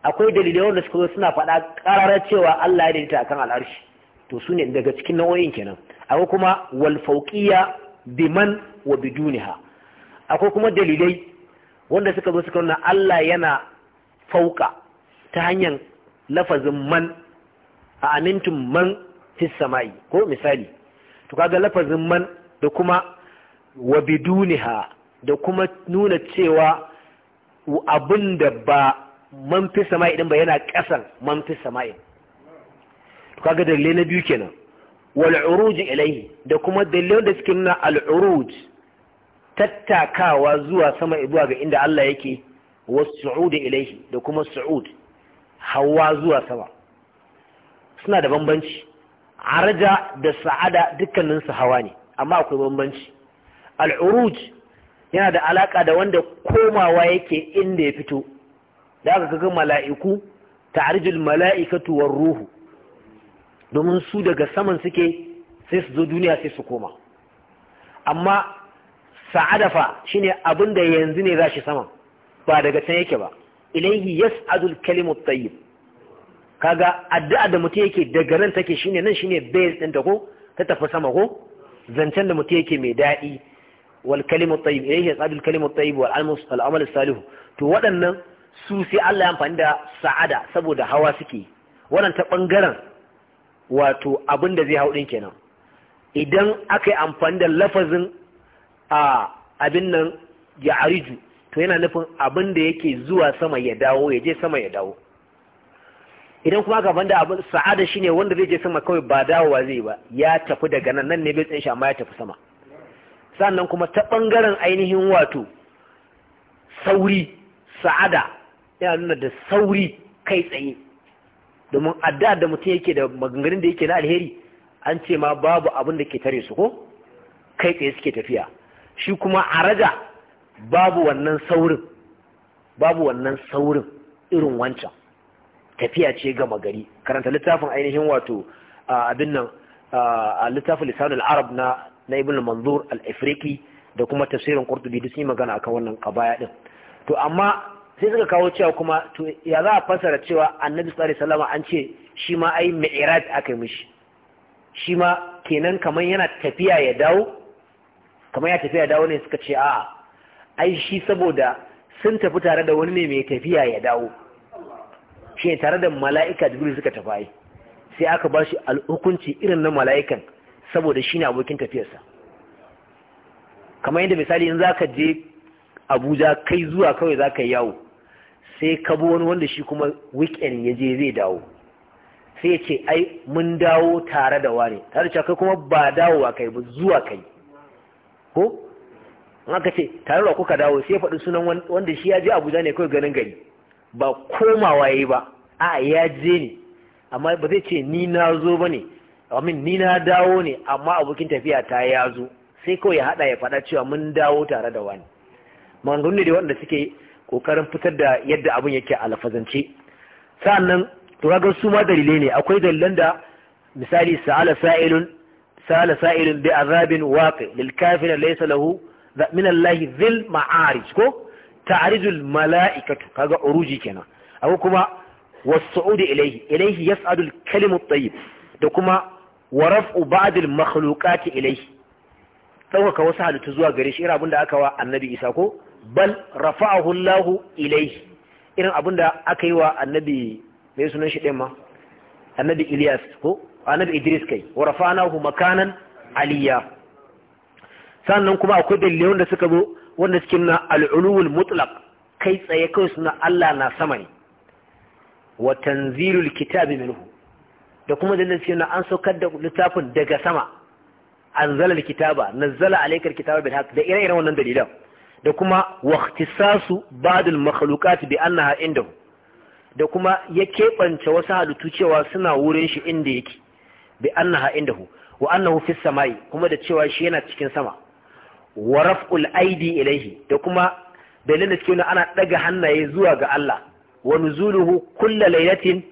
akwai dalilai wanda suka zo suna faɗa ƙararar cewa Allah ya daidaita akan al'arshi to su ne daga cikin nau'in kenan akwai kuma wal fawqiyya biman wa biduniha akwai kuma dalilai wanda suka zo suka nuna Allah yana fauka ta hanyar lafazin man a amintun man fis sama'i ko misali to kaga lafazin man da kuma wa biduniha da kuma nuna cewa abinda ba man fi sama'i din ba yana kasan man fi sama'i to kaga dalilai na biyu kenan wal uruj ilayhi da kuma dalilan da suke nuna al uruj tattakawa zuwa sama zuwa ga inda Allah yake wa su'ud ilayhi da kuma su'ud hawa zuwa sama suna da bambanci araja da sa'ada dukkaninsu hawa ne amma akwai bambanci al'uruj yana da alaka da wanda komawa yake inda ya fito da aka kaga mala'iku ta'arjul mala'ikatu war ruhu domin su daga saman suke sai su zo duniya sai su koma amma Sa'ada fa shine abinda yanzu ne za shi saman ba daga can yake ba ilaihi yas'adu al-kalimu at-tayyib kaga addu'a da mutum yake daga nan take shine nan shine base din ta ko ta tafi sama ko zancen da mutum yake mai daɗi wal kalimu tayyib ilaihi yas'adu al kalimu tayyib wal amal salih to waɗannan su sai Allah ya amfani da sa'ada saboda hawa suke wannan ta bangaren wato abinda zai hau din kenan idan aka yi amfani da lafazin a abin nan ya ariju to yana nufin abin da yake zuwa sama ya dawo ya je sama ya dawo idan kuma gaban da abin sa'ada shine wanda zai je sama kawai ba dawowa zai ba ya tafi daga nan nan ne bai tsinshi amma ya tafi sama sannan kuma ta bangaren ainihin wato sauri sa'ada yana nuna da sauri kai tsaye domin adda da mutum yake da maganganun da yake na alheri an ce ma babu abin da ke tare su ko kai tsaye suke tafiya shi kuma araja babu wannan saurin babu wannan saurin irin wancan tafiya ce gama gari karanta littafin ainihin wato abin nan a littafin lisanul arab na na ibn manzur al-afriki da kuma tafsirin kurtubi duk sun magana akan wannan kabaya din to amma sai suka kawo cewa kuma to ya za a fassara cewa annabi sallallahu alaihi wasallam an ce shi ma ai mi'raj aka mishi shi ma kenan kamar yana tafiya ya dawo kamar ya tafiya ya dawo ne suka ce a'a ai shi saboda sun tafi tare da wani ne mai tafiya ya dawo shi tare da mala'ika jibril suka tafi sai aka ba shi al'hukunci irin na mala'ikan saboda shi ne abokin tafiyarsa kamar yadda misali in za ka je abuja kai zuwa kawai za ka yawo sai ka bi wani wanda shi kuma weekend ya je zai dawo sai ce ai mun dawo tare da wani tare da kai kuma ba dawowa kai ba zuwa kai ko in aka ce tare da kuka dawo sai faɗi sunan wanda shi ya je abuja ne kawai ganin gari ba komawa ya ba a ya je ne amma ba zai ce ni na zo ba ne amin ni na dawo ne amma abokin tafiya ta ya zo sai kawai ya haɗa ya faɗa cewa mun dawo tare da wani maganganu ne da waɗanda suke kokarin fitar da yadda abin yake a lafazance sa'annan to ga su ma dalilai ne akwai dalilan da misali sa'ala sa'ilun sa'ala sa'ilun bi azabin waqi lil kafir laysa lahu min zil ma'arij ko ta'arijul mala'ikatu kaga uruji kenan akwai kuma was-su'udu ilayhi ilayhi yas'adu kalimu at-tayyib da kuma wa raf'u ba'd ilaihi. makhluqati ilayhi sauka wasu halittu zuwa gare shi irin abinda aka wa annabi Isa ko bal rafa'ahu Allah ilayhi irin abinda aka yi wa annabi mai sunan shi din ma annabi Ilyas ko annabi Idris kai wa rafa'nahu makanan Aliya. sannan kuma akwai dalilai da suka zo wanda suke na al'uluwul mutlaq kai tsaye kawai suna Allah na sama ne wa tanzilul kitabi minhu da kuma dalilin suke na an saukar da littafin daga sama anzala alkitaba nazzala alayka alkitaba bil haqq da ire-iren wannan dalilan da kuma wa badul ba'd makhluqat bi annaha indahu da kuma ya keɓance wasu halittu cewa suna wurin shi inda yake bi annaha indahu wa annahu fis samai kuma da cewa shi yana cikin sama wa raf'ul aidi ilaihi da kuma dalilin da suke ana daga hannaye zuwa ga Allah wa nuzuluhu kulla laylatin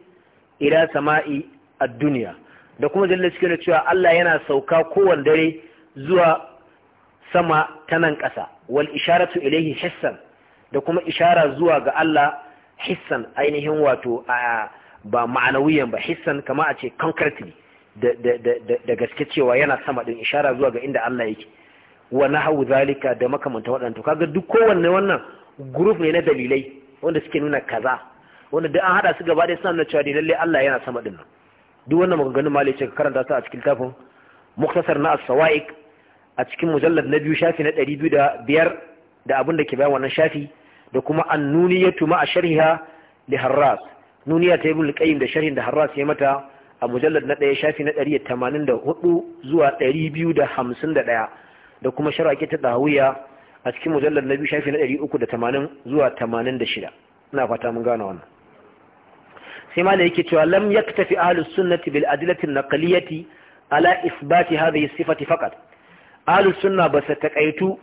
ila sama'i ad-dunya da kuma dalilin da suke cewa Allah yana sauka kowanne dare zuwa sama ta nan ƙasa wal isharatu ilaihi hissan da kuma ishara zuwa ga Allah hissan ainihin wato ba ma'anawiyan ba hissan kama a ce concretely da gaske cewa yana sama din ishara zuwa ga inda Allah yake wa nahawu zalika da makamanta waɗanda kaga duk kowanne wannan group ne na dalilai wanda suke nuna kaza wanda duk an hada su gaba da suna nuna cewa dalilai Allah yana sama din duk wannan ganin malai ce ka karanta su a cikin tafin muktasar na as-sawa'iq a cikin mujallad na biyu shafi na 205 da abin da ke bayan wannan shafi da kuma annuniyatu ma sharhiha li harras nuniya ta ibn al-qayyim da sharhin da harras ya mata a mujallad na 1 shafi na 184 zuwa 251 da kuma shar'a ta dawiya a cikin mujallar na biyu shafi na tamanin zuwa shida. ina fata mun gane wannan sai ma da yake cewa lam tafi ahlus sunnati bil adillati naqliyati ala isbati hadhihi sifati faqat ahlus sunna ba su takaitu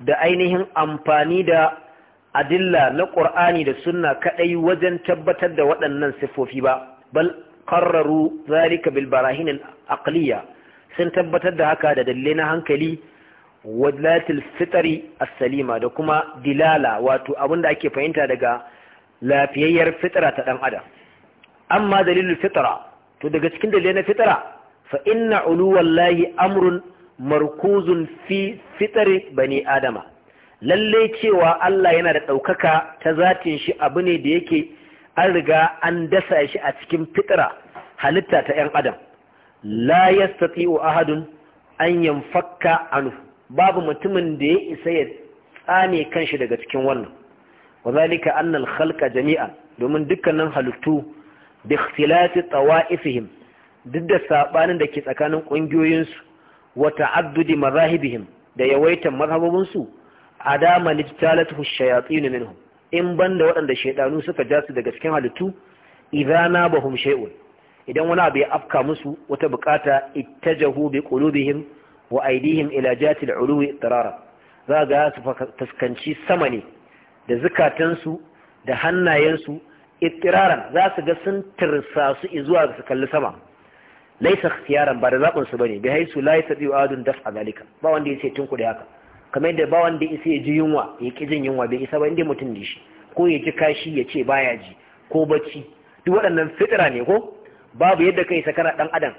da ainihin amfani da adilla na qur'ani da sunna kadai wajen tabbatar da waɗannan sifofi ba bal qarraru zalika bil barahin al aqliya sun tabbatar da haka da dalilai na hankali wadlatil fitari as-salima da kuma dilala wato da ake fahimta daga lafiyayyar fitara ta dan adam amma dalilul fitara to daga cikin dalilai na fitara fa inna uluwallahi amrun markuzun fi fitari bani adama lalle cewa Allah yana da ɗaukaka ta zatin shi abu ne da yake an riga an dasa shi a cikin fitara halitta ta ‘yan adam la yastati'u ahadun an yanfakka anhu babu mutumin da ya isa ya tsane kanshi daga cikin wannan wazalika annan khalqa jami'a domin dukkanin halittu bi ikhtilati tawa'ifihim duk da sabanin da ke tsakanin kungiyoyin su wa ta'addudi mazahibihim da yawaita mazhabobin su adama lijtalatuhu shayatin minhum in banda waɗanda shaydanu suka ja su daga cikin halittu idana bahum shay'un idan wani abu ya afka musu wata bukata ittajahu bi qulubihim wa aidihim ila jatil uluwi tarara za ga su fuskanci sama ne da zukatansu da hannayensu ittiraran za su ga sun tirsa su zuwa su kalli sama laisa ikhtiyaran ba da zaɓin su bane bi haisu la yasbi adun daf'a zalika ba wanda yace tun da haka kamar yadda ba wanda yace ya ji yunwa ya ki jin yunwa bai isa ba inda mutum ne shi ko ya ji kashi ya ce baya ji ko bacci duk waɗannan fitira ne ko babu yadda kai sakara dan adam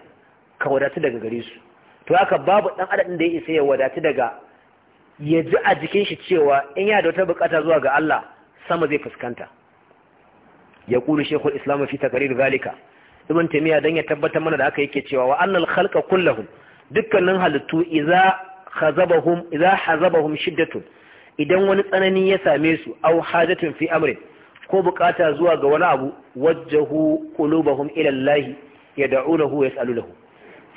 ka wadatu daga gare su to haka babu dan adadin da ya isa ya wadatu daga ya ji a jikin shi cewa in yana da wata bukata zuwa ga Allah sama zai fuskanta ya kulu shekul islam fi takarir zalika ibn taymiya dan ya tabbatar mana da haka yake cewa wa annal khalqa kulluhum dukkanin halittu idza khazabahum idza hazabahum shiddatun idan wani tsanani ya same su aw hajatun fi amrin ko bukata zuwa ga wani abu wajjahu qulubahum ila Allah yad'unahu yas'alunahu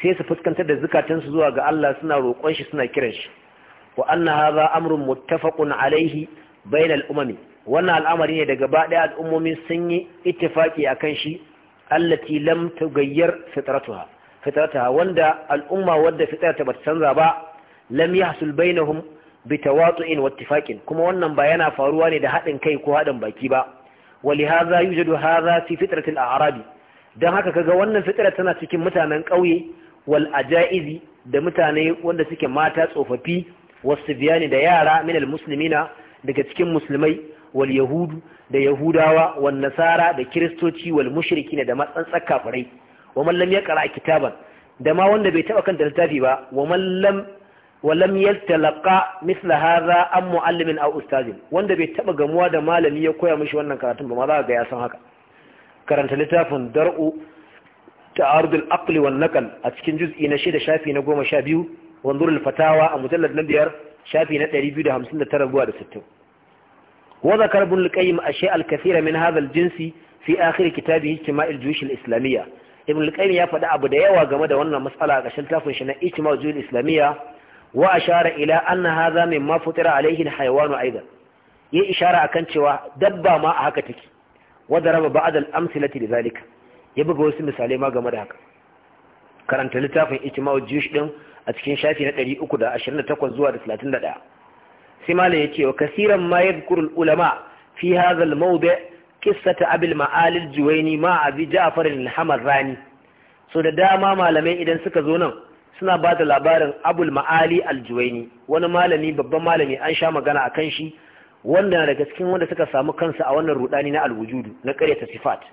sai su fuskantar da zukatansu zuwa ga Allah suna roƙon shi suna kiran shi wa anna hadha amrun muttafaqun alaihi bainal umami wannan al'amari ne da gaba ɗaya al'ummomi sun yi a akan shi allati lam tugayyar fitratuha fitratuha wanda al'umma wadda fitrata bata canza ba lam yahsul bainahum bi tawatu'in wa kuma wannan ba yana faruwa ne da haɗin kai ko haɗin baki ba ولهذا يوجد هذا في فترة الأعراب don haka ga wannan fitira tana cikin mutanen ƙauye wal ajaizi da mutane wanda suke mata tsofaffi wasu biyani da yara minal muslimina daga cikin musulmai wal yahudu da yahudawa wal nasara da kiristoci wal mushrikina da matsantsan kafirai wa man lam yaqra kitaban da ma wanda bai taba kanta littafi ba wa man lam wa lam yaltalaqa misla hadha am muallimin aw ustazin wanda bai taba gamuwa da malami ya koya mishi wannan karatun ba ma za ya san haka karanta littafin dar'u ta ardul aqli wan naqal a cikin juz'i na 6 da shafi na 12 wanzur al fatawa a mujallar na biyar shafi na 259 zuwa 60 wa zakar ibn al qayyim ashay al kathira min hadha jinsi sai akhir kitabih ijtima' al juyush al ibn al ya fada abu da yawa game da wannan mas'ala a gashin tafin shi na ijtima' al juyush al islamiyya wa ashara ila anna hadha mimma futira alayhi al hayawan aidan yi ishara akan cewa dabba ma haka take wa daraba ba'd al amthilati li dhalika ya buga wasu misalai ma game da haka karanta littafin ijma'u jiyush din a cikin shafi na 328 zuwa da 31 sai malam ce wa kasiran ma yadhkuru ulama fi hadha al-mawdi' qissata abil ma'al al-juwayni ma abi ja'far al rani. so da dama malamai idan suka zo nan suna ba da labarin abul ma'ali al-juwayni wani malami babban malami an sha magana akan shi wanda daga cikin wanda suka samu kansa a wannan rudani na alwujudu wujudu na karyata sifat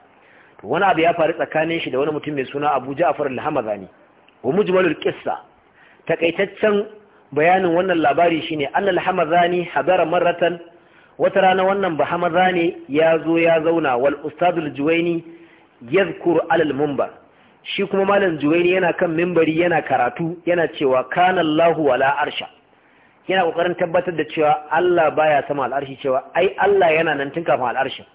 wani abu ya faru tsakanin shi da wani mutum mai suna Abu Ja'far al-Hamadani wa mujmalul qissa takaitaccen bayanin wannan labari shine annal hamadani habara marratan wata rana wannan ba hamadani ya zo ya zauna wal al juwaini yadhkur alal mumbar shi kuma malam juwaini yana kan mimbari yana karatu yana cewa kana Allahu wala arsha yana kokarin tabbatar da cewa Allah baya sama al'arshi cewa ai Allah yana nan tun kafin al'arshin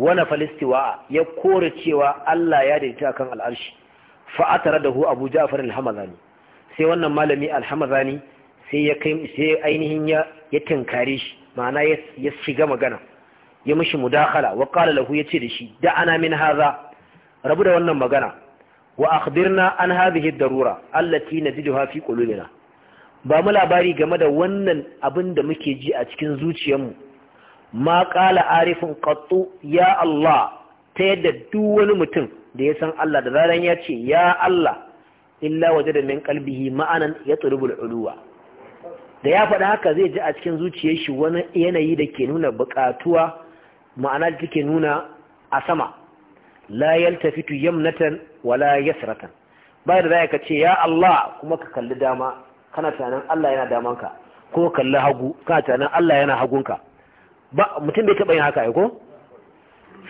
wana falistiwa ya kore cewa Allah ya daidaita akan al'arshi fa ataradahu Abu Ja'far al-Hamadani sai wannan malami al-Hamadani sai ya kai sai ainihin ya ya tinkare shi ma'ana ya shiga magana ya mishi mudakhala wa qala lahu yace da shi da ana min haza rabu da wannan magana wa akhbirna an hadhihi ad-darura allati najiduha fi qulubina ba mu labari game da wannan abin da muke ji a cikin zuciyarmu ma ƙala arifin ƙattu ya Allah ta yadda duk wani mutum da ya san Allah da zaran ya ce ya Allah illa waje da min kalbihi ma'anan ya turubul uluwa da ya faɗa haka zai ji a cikin zuciyar shi wani yanayi da ke nuna buƙatuwa ma'ana da take nuna a sama la yaltafitu yamnatan wala yasratan bayan da ka ce ya Allah kuma ka kalli dama kana tunanin Allah yana damanka ko kalli hagu kana tunanin Allah yana hagunka ba mutum bai taɓa yin haka ai ko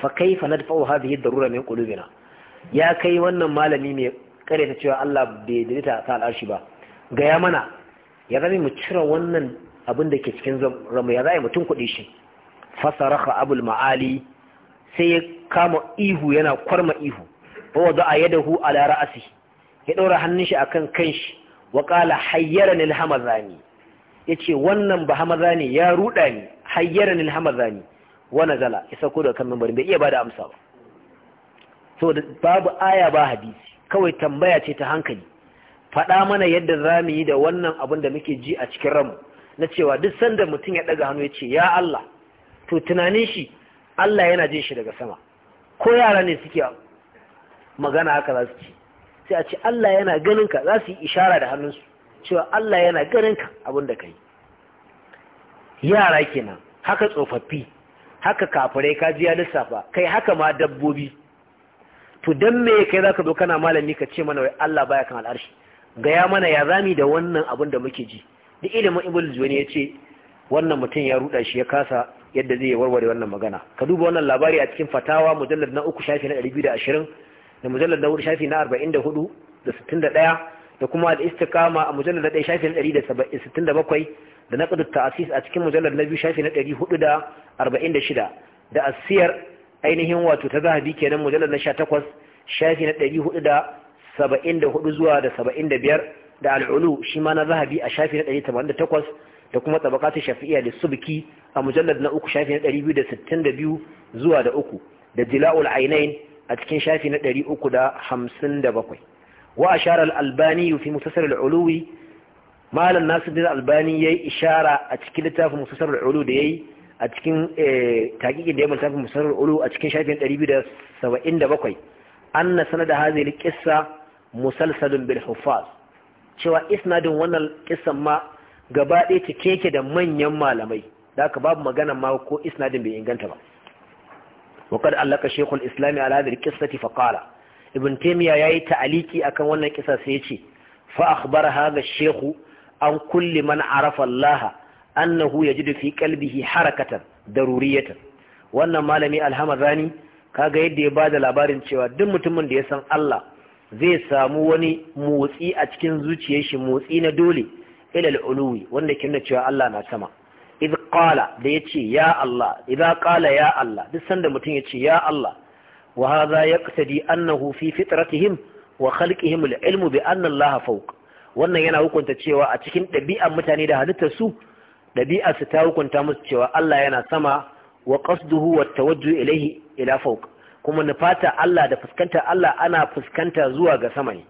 fa kaifa nadfa'u hadhihi ad-darura min qulubina ya kai wannan malami mai ta cewa Allah bai dalita ta al'arshi ba gaya mana ya zame mu cire wannan abin da ke cikin ramu ya zai mutum kuɗi shi fasaraha abul ma'ali sai ya kama ihu yana kwarma ihu ba wa za'a yadahu ala ra'asi ya ɗaura hannun shi akan kanshi wa qala hayyarani al-hamazani ya ce wannan ba hamaza ne ya ruɗa ni hayyara ni hamaza zani wani zala ya sauko daga kan mimbarin bai iya ba da amsa ba so babu aya ba hadisi kawai tambaya ce ta hankali faɗa mana yadda za mu yi da wannan abin da muke ji a cikin ranmu na cewa duk sanda mutum ya ɗaga hannu ya ce ya Allah to tunanin shi Allah yana jin shi daga sama ko yara ne suke magana haka za su ci sai a ce Allah yana ganin ka za su yi ishara da hannunsu cewa Allah yana ganin ka abin da yi. yara kenan haka tsofaffi haka kafirai ka ji ya lissafa kai haka ma dabbobi to dan me kai zaka zo kana malami ka ce mana wai Allah baya kan al'arshi gaya mana ya zami da wannan abin da muke ji duk ilimin ibn zuwani ya ce wannan mutum ya ruɗa shi ya kasa yadda zai warware wannan magana ka duba wannan labari a cikin fatawa mujallar na uku shafi na 220 da mujallar na hudu shafi na 44 da 61 da kuma al-istiqama a mujallar na ɗaya shafi na ɗari da sittin da bakwai da na ƙudu ta'asis a cikin mujallar na biyu shafi na ɗari hudu da arba'in da shida da asiyar ainihin wato ta zahabi kenan mujallar na sha takwas shafi na ɗari hudu da saba'in da hudu zuwa da saba'in da biyar da al'ulu shi ma na zahabi a shafi na ɗari tamanin da takwas da kuma tabakatun shafi'iyya da subki a mujallar na uku shafi na ɗari biyu da sittin da biyu zuwa da uku da dila'ul ainain a cikin shafi na ɗari uku da hamsin da bakwai وأشار الألباني في مختصر العلوي ما الناس الدين الألباني يي إشارة أتكلتا في مختصر العلو دي أتكين تحقيق دي ملتا في مختصر العلو أتكين شايفين قريبي ده سوائن ده بقوي أن سند هذه القصة مسلسل بالحفاظ cewa isnadin wannan kisan ma gaba ɗaya cike yake da manyan malamai da aka babu magana ma ko isnadin bai inganta ba وقد علق شيخ الإسلام على هذه القصة فقال ibn ya yi ta'aliki akan wannan kisa sai yace fa akhbara hadha shaykhu an kulli man arafa Allah annahu yajidu fi qalbihi harakatan daruriyatan wannan malami alhamdani kaga yadda ya bada labarin cewa duk mutumin da ya san Allah zai samu wani motsi a cikin zuciyar motsi na dole ilal uluwi wanda kin cewa Allah na sama idh qala da yace ya Allah idha qala ya Allah duk sanda mutum yace ya Allah وهذا يقتدي أنه في فطرتهم وخلقهم العلم بأن الله فوق wannan yana hukunta cewa a cikin ɗabi'ar mutane da halittar su ɗabi'ar su ta hukunta musu cewa Allah yana sama wa qasduhu wa tawajjuh ila fawq kuma nufata Allah da fuskanta Allah ana fuskanta zuwa ga sama ne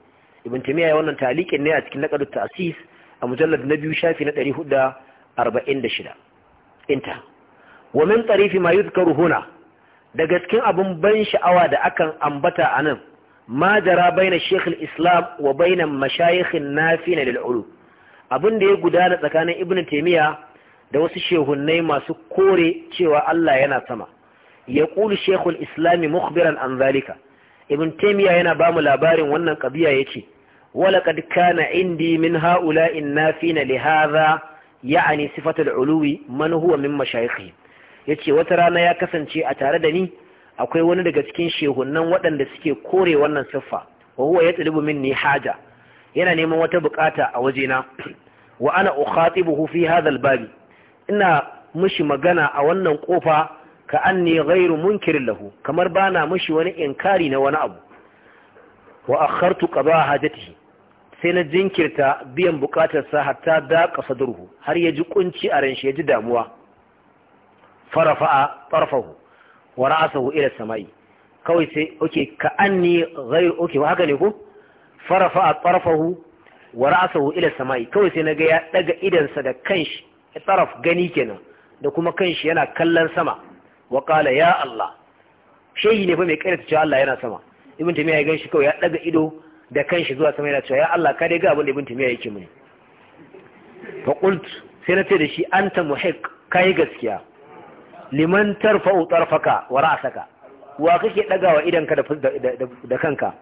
ibn timiya wannan taliqin ne a cikin naqadu ta'sis a mujallad na biyu shafi na 446 inta wa min tarifi ma yuzkaru huna da gaskin abin ban sha'awa da akan ambata a nan ma jara baina shekul islam wa baina mashayikhin nafi na lil'ulu abin da ya gudana tsakanin ibn taimiyya da wasu shehunnai masu kore cewa allah yana sama ya ƙulu shekul islami mukhbiran an zalika ibn taimiyya yana ba mu labarin wannan ƙabiya ya ce walaƙad kana indi min ha'ula'in nafi na lihaza ya'ani sifatul uluwi man huwa min mashayikhin. yace wata rana ya kasance a tare da ni akwai wani daga cikin shehunnan waɗanda suke kore wannan siffa wa huwa min ni haja yana neman wata bukata a wajena wa ana ukhatibuhu fi hadha albabi ina mushi magana a wannan kofa ka anni ghairu munkirin lahu kamar bana mushi wani inkari na wani abu wa akhartu qada hajatihi sai na jinkirta biyan bukatarsa hatta da kasadurhu har ya ji kunci a ran ya ji damuwa farafa'a tarfahu wa ra'asahu ila samai kawai sai oke ka anni ghayr oke wa haka ne ko farafa'a tarfahu wa ra'asahu ila samai kawai sai naga ya daga sa da kanshi taraf gani kenan da kuma kanshi yana kallon sama wa qala ya Allah shehi ne fa mai kairata cewa Allah yana sama ibn tamiya ya ganshi kawai ya daga ido da kanshi zuwa sama yana cewa ya Allah ka dai ga abin da ibn tamiya yake mini fa qult sai na ce da shi anta muhiq kai gaskiya liman tarfa utarfaka wa ra'saka wa kake dagawa ka da da kanka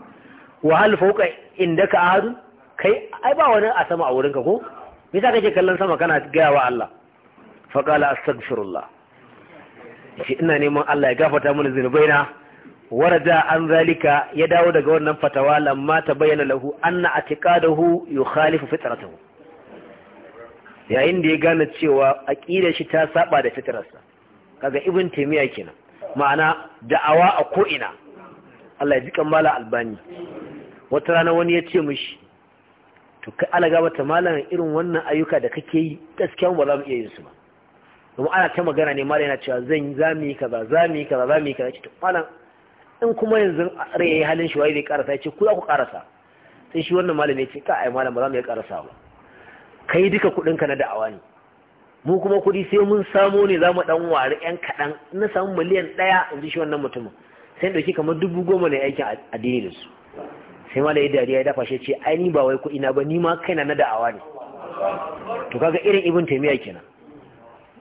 wa hal fawqa indaka ahadun kai ai ba wani a sama a wurinka ko me ka kake kallon sama kana gaya wa Allah fa qala astaghfirullah shi ina neman Allah ya gafarta mana zunubaina warada an zalika ya dawo daga wannan fatawa lamma ta bayyana lahu anna atiqaduhu yukhalifu fitratahu yayin da ya gane cewa aqidar shi ta saba da fitrarsa kaga ibn taymiya kenan ma'ana da'awa a ko ina Allah ya ji kammala albani wata rana wani ya ce mishi to kai alaga mata malamin irin wannan ayyuka da kake yi gaskiya ba za mu iya yin su ba domin ana ta magana ne malam yana cewa zan za mu yi kaza za mu yi kaza za mu yi kaza ce to malam in kuma yanzu rai yayi halin shi wai zai karasa ya ce ku za ku karasa sai shi wannan malamin ya ce ka ai malam ba za mu iya karasa ba kai duka kudin ka na da'awa ne mu kuma kuɗi sai mun samo ne za mu ɗan wari ‘yan kaɗan na samu miliyan ɗaya in ji shi wannan mutumin sai ɗauki kamar dubu goma ne aikin addini da su sai ma da ya dariya ya dafa shi ce ai ni ba wai kuɗi na ba ni ma kaina na da'awa ne to kaga irin ibn taimiyya kenan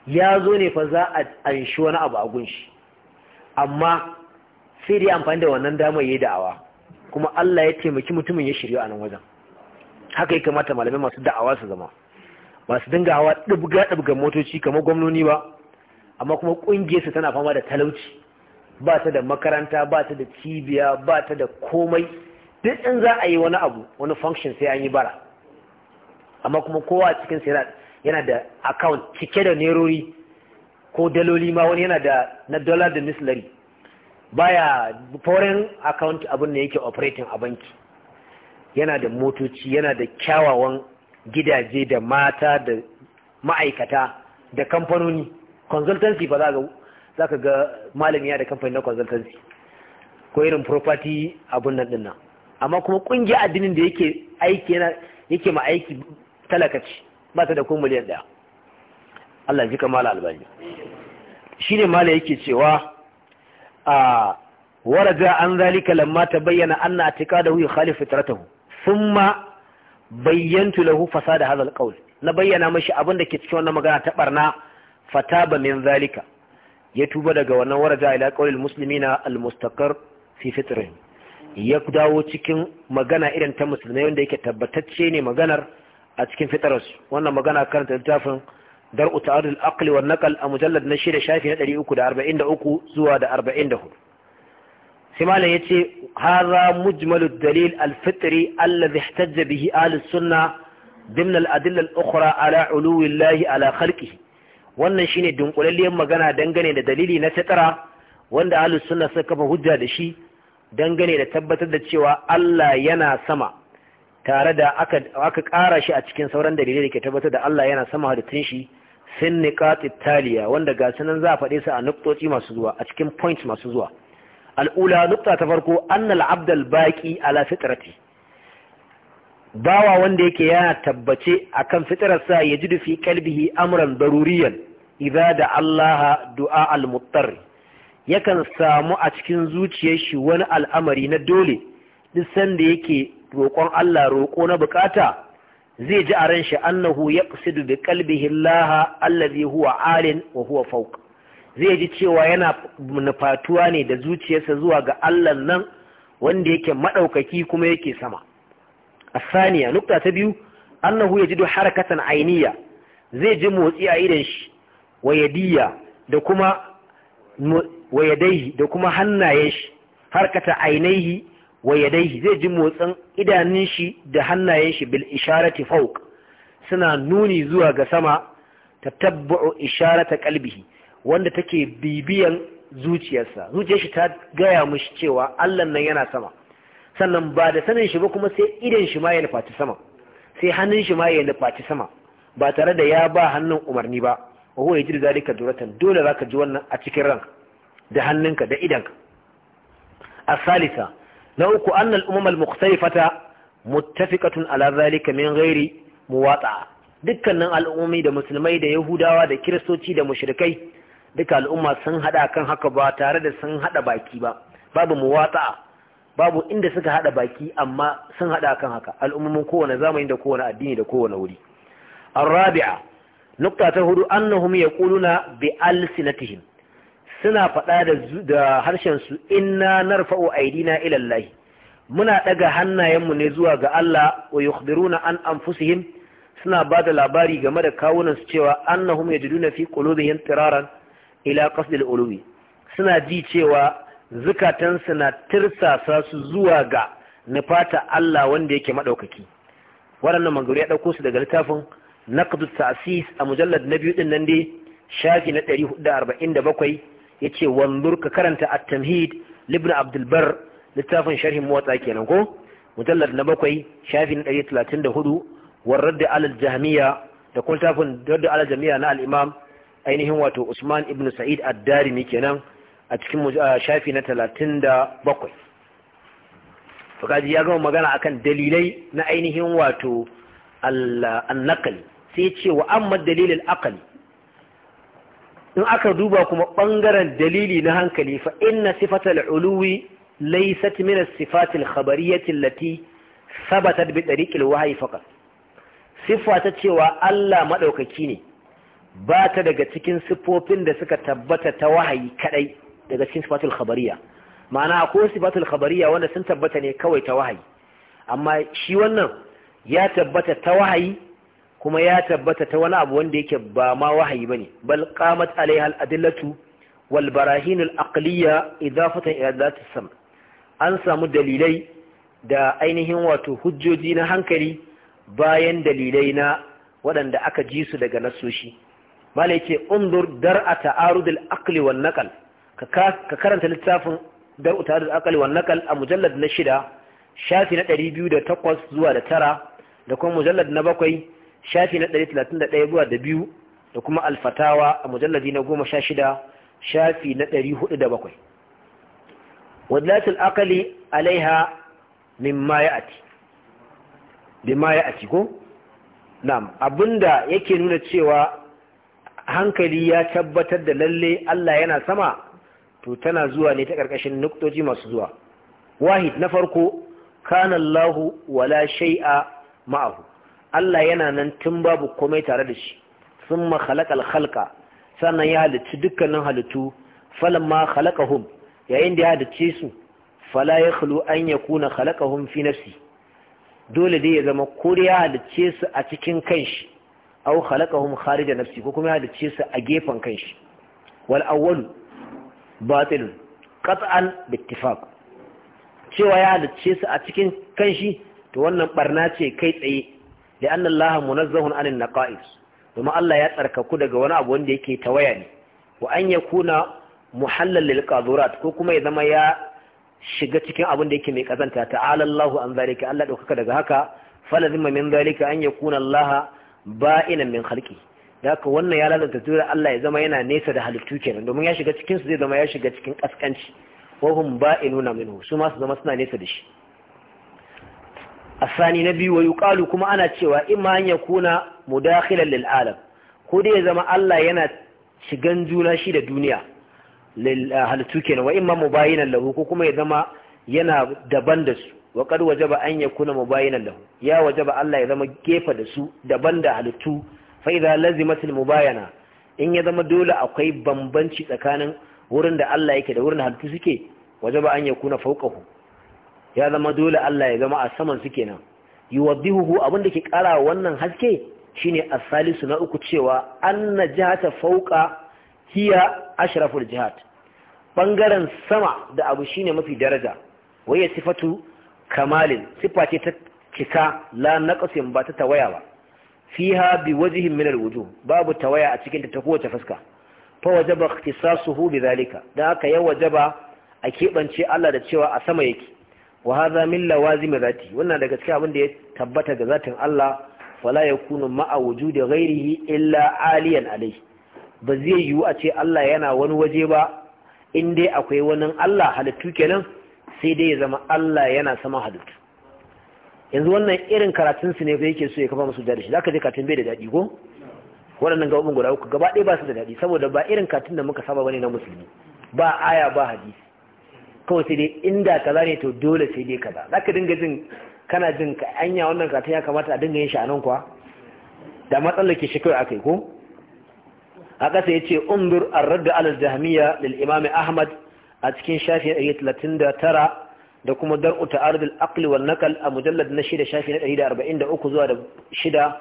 ya zo ne fa za a anshi wani abu a gunshi amma sai dai amfani da wannan damar yayi da'awa kuma Allah ya taimaki mutumin ya shirya a nan wajen haka ya kamata malamai masu da'awa su zama ba su dinga hawa ɗibga ɗibga motoci kamar gwamnoni ba amma kuma ƙungiyarsu tana fama da talauci ba ta da makaranta ba ta da cibiya ba ta da komai duk in za a yi wani abu wani function sai an yi bara amma kuma kowa cikin sai yana da account cike da nerori ko daloli ma wani yana da na dollar da mislari baya foreign account abin da yake operating a banki yana da motoci yana da kyawawan gidaje da mata da ma'aikata da kamfanoni consultancy ba za ka ga malamiya da kamfani na consultancy ko irin property abun nan dinnan amma kuma kungiya addinin da yake aiki yana yake ma aiki talakaci ba ta da kun miliyan daya Allah ji kamala albani shine mala yake cewa a waraja an zalika lamma tabayyana anna atikadahu yukhalifu fitratahu thumma bayyantu lahu fasada hadha alqawl na bayyana mashi abin da ke cikin wannan magana ta barna fataba min zalika ya tuba daga wannan waraja ila qawlil muslimina almustaqar fi fitrihim ya dawo cikin magana irin ta musulmai wanda yake tabbatacce ne maganar a cikin fitararsu wannan magana karanta littafin dar'u ta'arul aqli wan naqal a mujallad na shida shafi na 343 zuwa da 44 sai ya ce hara mujmalu dalil alfitri allazi ihtajja bihi ahlus sunna ضمن الأدلة الأخرى ala علو الله على wannan shine dunkulalliyar magana dangane da dalili na tattara wanda ahlus sunna suka kafa hujja da shi dangane da tabbatar da cewa Allah yana sama tare da aka aka ƙara shi a cikin sauran dalilai da ke tabbatar da Allah yana sama tun shi sin niqat taliya wanda ga sunan za a faɗe su a nuktoci masu zuwa a cikin points masu zuwa al'ula nukta ta farko annal abdal baƙi ala fitrati bawa wanda yake yana tabbace akan ya ji fi qalbihi amran daruriyan idza da Allah du'a al-muttar yakan samu a cikin zuciyar shi wani al'amari na dole duk sanda yake roƙon Allah roƙo na bukata zai ji a ran shi annahu yaqsidu da qalbihi Allah allazi huwa alin wa huwa fawq zai ji cewa yana nufatuwa ne da zuciyarsa zuwa ga Allah nan wanda yake maɗaukaki kuma yake sama asaniya nukta ta biyu annahu yajidu harakatan ainiya zai ji motsi a idan shi wayadiya da kuma wayadaihi da kuma hannayen shi harkata ainihi wayadaihi zai ji motsin idanun shi da hannayen shi bil isharati fawq suna nuni zuwa ga sama tatabbu isharata qalbihi wanda take bibiyan zuciyarsa zuciyar shi ta gaya mishi cewa Allah nan yana sama sannan ba da sanin shi ba kuma sai idan shi ma ya nufaci sama sai hannun shi ma ya nufaci sama ba tare da ya ba hannun umarni ba wa huwa yajri zalika duratan dole zaka ji wannan a cikin ranka da hannunka da idanka asalisa na uku annal umamal mukhtalifata muttafiqatun ala zalika min ghairi muwata dukkanin al'ummi da musulmai da yahudawa da kiristoci da mushrikai duka al'umma sun hada kan haka ba tare da sun hada baki ba babu muwata babu inda suka hada baki amma sun hada kan haka al'ummomin kowane zamani da kowane addini da kowane wuri arabi'a nukta ta hudu annahum yaquluna bi alsinatihim suna faɗa da da harshen su inna narfa'u aidina ila Allah muna daga hannayenmu ne zuwa ga Allah wa yukhbiruna an anfusihim suna ba da labari game da kawunan su cewa annahum yajiduna fi qulubihim tiraran ila qasdil ulumi suna ji cewa zukatansu na tirsasa su zuwa ga nufata Allah wanda yake madaukaki waɗannan maganganu ya ɗauko su daga littafin naqdu ta'sis a mujallad na biyu din nan dai shafi na 447 yace wanzur ka karanta at-tamhid libn abdul bar littafin sharhin muwatta kenan ko mujallad na bakwai shafi na 134 warradd da al-jahmiya da kuma littafin radd ala al-jahmiya na al-imam ainihin wato Usman ibn Sa'id addarimi kenan a cikin shafi na talatin da to kaji ya gama magana akan dalilai na ainihin wato al sai ya ce wa amma dalilin akali in aka duba kuma bangaren dalili na hankali fa inna sifatal uluwi laisat mina as-sifatil khabariyyati allati sabatar bi tariqil wahyi faqat sifa ta cewa Allah madaukaki ne ba ta daga cikin siffofin da suka tabbata ta wahayi kadai daga cikin sifatul khabariya ma'ana ko sifatul khabariya wanda sun tabbata ne kawai ta wahayi amma shi wannan ya tabbata ta wahayi kuma ya tabbata ta wani abu wanda yake ba ma wahayi bane bal qamat alaiha al-adillatu wal barahin al-aqliya idafatan ila dhati sam an samu dalilai da ainihin wato hujjoji na hankali bayan dalilai na waɗanda aka ji su daga nasoshi mala yake undur dar a aqli wan naqal ka karanta littafin dar'u a aqli wan naqal a mujallad na shida shafi na 208 zuwa da tara da kuma mujallad na bakwai shafi na 131 zuwa da biyu da kuma alfatawa a mujalladi na goma sha shida shafi na 407 wadlatul aqli alaiha mimma ya'ati bima ya'ati ko na'am abinda yake nuna cewa hankali ya tabbatar da lalle Allah yana sama to tana zuwa ne ta ƙarƙashin nuktoji masu zuwa wahid na farko kana Allahu wala shay'a ma'ahu Allah yana nan tun babu komai tare da shi thumma khalaqal khalqa sannan ya halicci dukkanin halittu falamma khalaqahum yayin da ya halicce su fala yakhlu an yakuna khalaqahum fi nafsi dole dai ya zama ko ya halicce su a cikin kanshi aw khalaqahum kharija nafsi ko kuma ya halice su a gefen kanshi wal awwal batil qat'an bittifaq cewa ya halice su a cikin kanshi to wannan barna ce kai tsaye da anna Allah munazzahun anin naqa'is kuma Allah ya tsarkaku daga wani abu wanda yake tawaya ne wa an yakuna muhallal lil qadurat ko kuma ya zama ya shiga cikin abin da yake mai kazanta ta'ala Allah an zalika Allah daukaka daga haka falazimma min zalika an yakuna Allah ba'inan min khalqi da haka wannan ya lalata tura Allah ya zama yana nesa da halittu kenan domin ya shiga cikin su zai zama ya shiga cikin kaskanci wa hum ba'inuna minhu su ma su zama suna nesa da shi asani na biyu wa yuqalu kuma ana cewa imma ya yakuna mudakhilan lil alam ko dai ya zama Allah yana shigan juna shi da duniya lil halittu kenan wa imma mubayinan lahu ko kuma ya zama yana daban da su wa kad wajaba an yakuna mubayinan lahu ya wajaba Allah ya zama gefa da su daban da halittu fa idza lazimat al mubayana in ya zama dole akwai bambanci tsakanin wurin da Allah yake da wurin halittu suke wajaba an yakuna fawqahu ya zama dole Allah ya zama a saman su kenan yuwaddihuhu abin da ke kara wannan haske shine as-salisu na uku cewa anna jihata fawqa hiya ashraful jihat bangaren sama da abu shine mafi daraja waye sifatu kamalin sifa ce ta cika la naqsin ba ta tawaya ba fiha bi wajhin min alwujuh babu tawaya a cikin ta ta kowace fuska fa wajaba ikhtisasuhu bi zalika da aka ya wajaba a kebance Allah da cewa a sama yake wa hadha min lawazim zati wannan daga cikin abin da ya tabbata ga zatin Allah wala yakunu ma'a wujudi ghairihi illa aliyan alayhi ba zai yiwu a ce Allah yana wani waje ba in dai akwai wani Allah halittu kenan sai dai ya zama Allah yana sama halittu yanzu wannan irin karatun su ne fa yake so ya kafa musu darishi zaka je katin bai da dadi ko waɗannan gaban guda uku gaba ɗaya ba su da dadi saboda ba irin katin da muka saba bane na musulmi ba aya ba hadisi kawai sai dai inda kaza ne to dole sai dai kaza zaka dinga jin kana jin ka anya wannan katin ya kamata a dinga yin shi a nan kuwa da matsalar ke shi kawai akai ko a ƙasa ya ce umbir an radda alal jahmiya lil imam ahmad a cikin shafi 139 da kuma dar'u ta'arudul aqli wal naqal a mujallad na 6 shafi na 143 zuwa da 6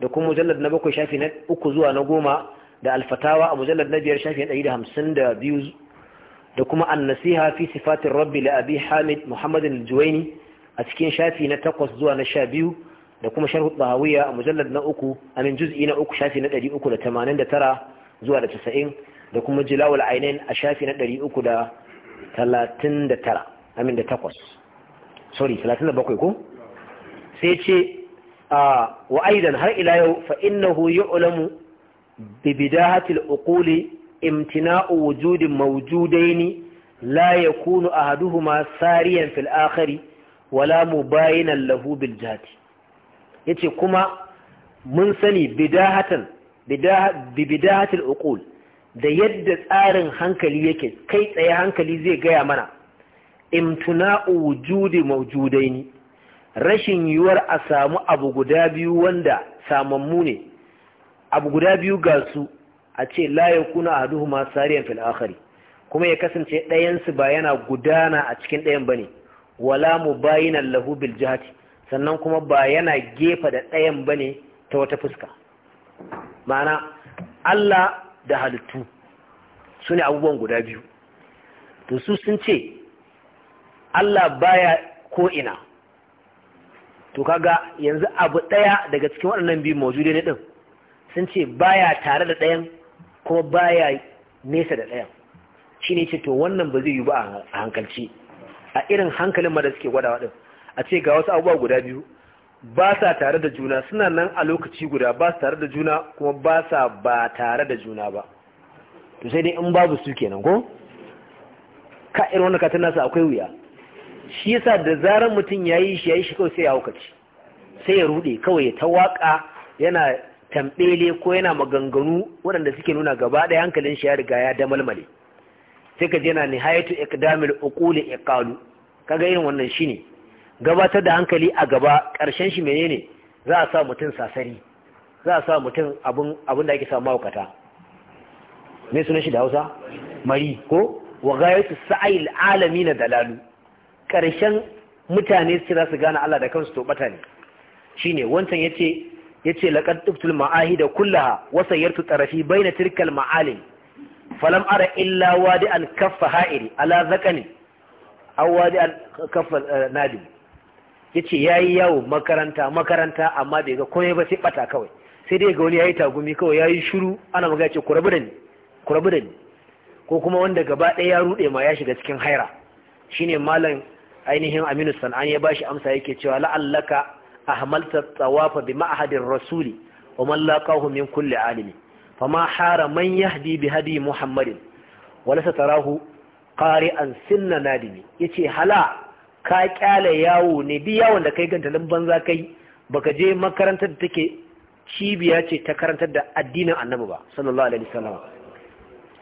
da kuma mujallad na 7 shafi na 3 zuwa na 10 da alfatawa a mujallad na 5 shafi na 152 da kuma an-nasiha fi sifatir rabbi li abi hamid muhammad al-juwaini a cikin shafi na 8 zuwa na 12 da kuma sharh al-bahawiya a mujallad na 3 amin juz'i na 3 shafi na 389 zuwa da 90 da kuma jilawul ainain a shafi na 300 talatin da tara amin da takwas sorry talatin da bakwai ko sai ce wa aidan har ila yau fa innahu yu'lamu bi bidahatil uquli imtina'u wujudin mawjudaini la yakunu ahaduhuma sariyan fil akhari wala mubayinan lahu bil jati yace kuma mun sani bidahatan bidahatil uqul da yadda tsarin hankali yake kai tsaye hankali zai gaya mana imtuna'u wujudi mawjudaini rashin yiwuwar a samu abu guda biyu wanda samammu ne abu guda biyu ga su a ce la yakuna ahaduhuma sariyan fil akhari kuma ya kasance ɗayansu ba yana gudana a cikin ɗayan bane wala mubayinan lahu bil jihati sannan kuma ba yana gefa da ɗayan bane ta wata fuska ma'ana Allah da halittu su ne abubuwan guda biyu to su sun ce Allah baya ko ina, to kaga yanzu abu ɗaya daga cikin waɗannan biyu mawujude ne ɗin sun ce baya tare da ɗayan kuma baya nesa da ɗayan shi ne ce to wannan ba zai yi ba a hankalci a irin hankalin ma da suke gwadawa waɗin a ce ga wasu abubuwa guda biyu ba sa tare da juna suna nan a lokaci guda ba sa tare da juna kuma ba sa ba tare da juna ba to sai dai in babu su kenan ko ka irin wanda katin nasa akwai wuya shi yasa da zarar mutum ya yi shi ya yi shi kawai sai ya haukaci sai ya rude kawai ya ta waka yana tambele ko yana maganganu waɗanda suke nuna gaba ɗaya hankalin shi ya riga ya da damalmale sai ka je na nihayatu iqdamil uquli iqalu kaga irin wannan shine gabatar da hankali a gaba ƙarshen shi menene za a sa mutum sasari za a sa mutum abin da ake sa mawukata. me sunan shi da hausa mari ko wa gayatu sa'il alami na dalalu ƙarshen mutane su za su gane Allah da kansu to bata ne shine wancan yace yace laqad da ma'ahida kullaha wa sayyartu bai na tilkal ma'alim falam ara illa wadi kaffa ha'iri ala zakani aw wadi kaffa eh, nadim yace ya yi yawo makaranta makaranta amma bai ga komai ba sai bata kawai sai dai ga wani yayi tagumi kawai ya yi shiru ana magana ce ku rabu da ni ku da ni ko kuma wanda gaba ɗaya ya rude ma ya shiga cikin haira shine malam ainihin Aminu San'an ya bashi amsa yake cewa la'allaka ahmalta tawafa bi ma'hadin rasuli wa man laqahu min kulli alimi ma hara man yahdi bi hadi muhammadin wala satarahu qari'an sinna nadimi yace hala ka kyale yawo ne bi yawon da kai ganta nan banza kai baka je makarantar da take cibiya ce ta karantar da addinin annabi ba sallallahu alaihi wasallam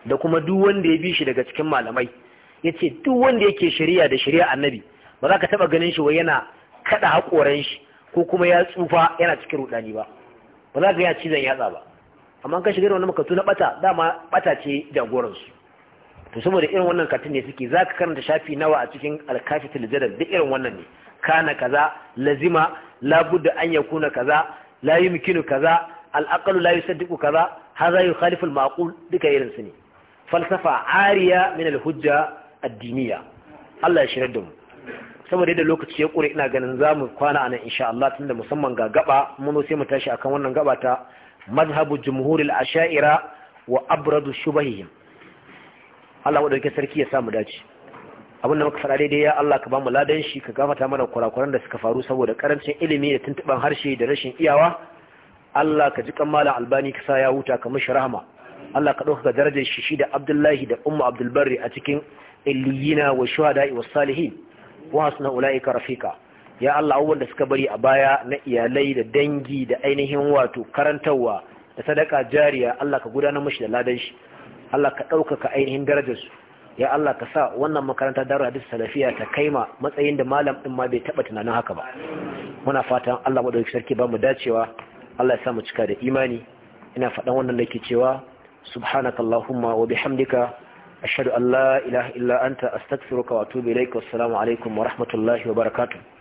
da kuma duk wanda ya bi shi daga cikin malamai yace duk wanda yake shari'a da shari'a annabi ba za ka taba ganin shi wai yana kada hakoran shi ko kuma ya tsufa yana cikin rudani ba ba za ka ya cizon yatsa ba amma kan shiga da wani makatu na bata dama bata ce jagoransu to saboda irin wannan katin ne suke zaka karanta shafi nawa a cikin alkafitul jadal duk irin wannan ne kana kaza lazima labudda an yakuna kaza la yumkinu kaza al-aqlu la yusaddiqu kaza hadha yukhalifu al-ma'qul duka irin su ne falsafa ariya min al-hujja ad-diniyya Allah ya shirar da mu saboda yadda lokaci ya kure ina ganin zamu kwana anan insha Allah tunda musamman ga gaba mun sai mu tashi akan wannan gaba ta mazhabu jumhuril ashaira wa abradu shubahihim Allah wadda sarki ya samu dace abinda muka faɗa daidai ya Allah ka ba mu ladan shi ka gafata mana kurakuran da suka faru saboda karancin ilimi da tuntuban harshe da rashin iyawa Allah ka ji kammala albani ka sa ya huta ka mishi rahama Allah ka ɗauka darajar shi shi da Abdullahi da Ummu Abdulbarri a cikin illiyina wa shuhada wa salihin wa hasna ulaika rafika ya Allah abubuwan da suka bari a baya na iyalai da dangi da ainihin wato karantarwa da sadaka jariya Allah ka gudanar mishi da ladan shi Allah ka ɗaukaka ainihin darajarsu ya Allah ka sa wannan makaranta daru hadis salafiya ta kaima matsayin da malam din ma bai taba tunanin haka ba muna fatan Allah madaukakin sarki ba mu dacewa Allah ya sa mu cika da imani ina faɗan wannan nake cewa subhanakallahumma wa bihamdika ashhadu an la ilaha illa anta astaghfiruka wa atubu ilaika assalamu alaikum wa rahmatullahi wa barakatuh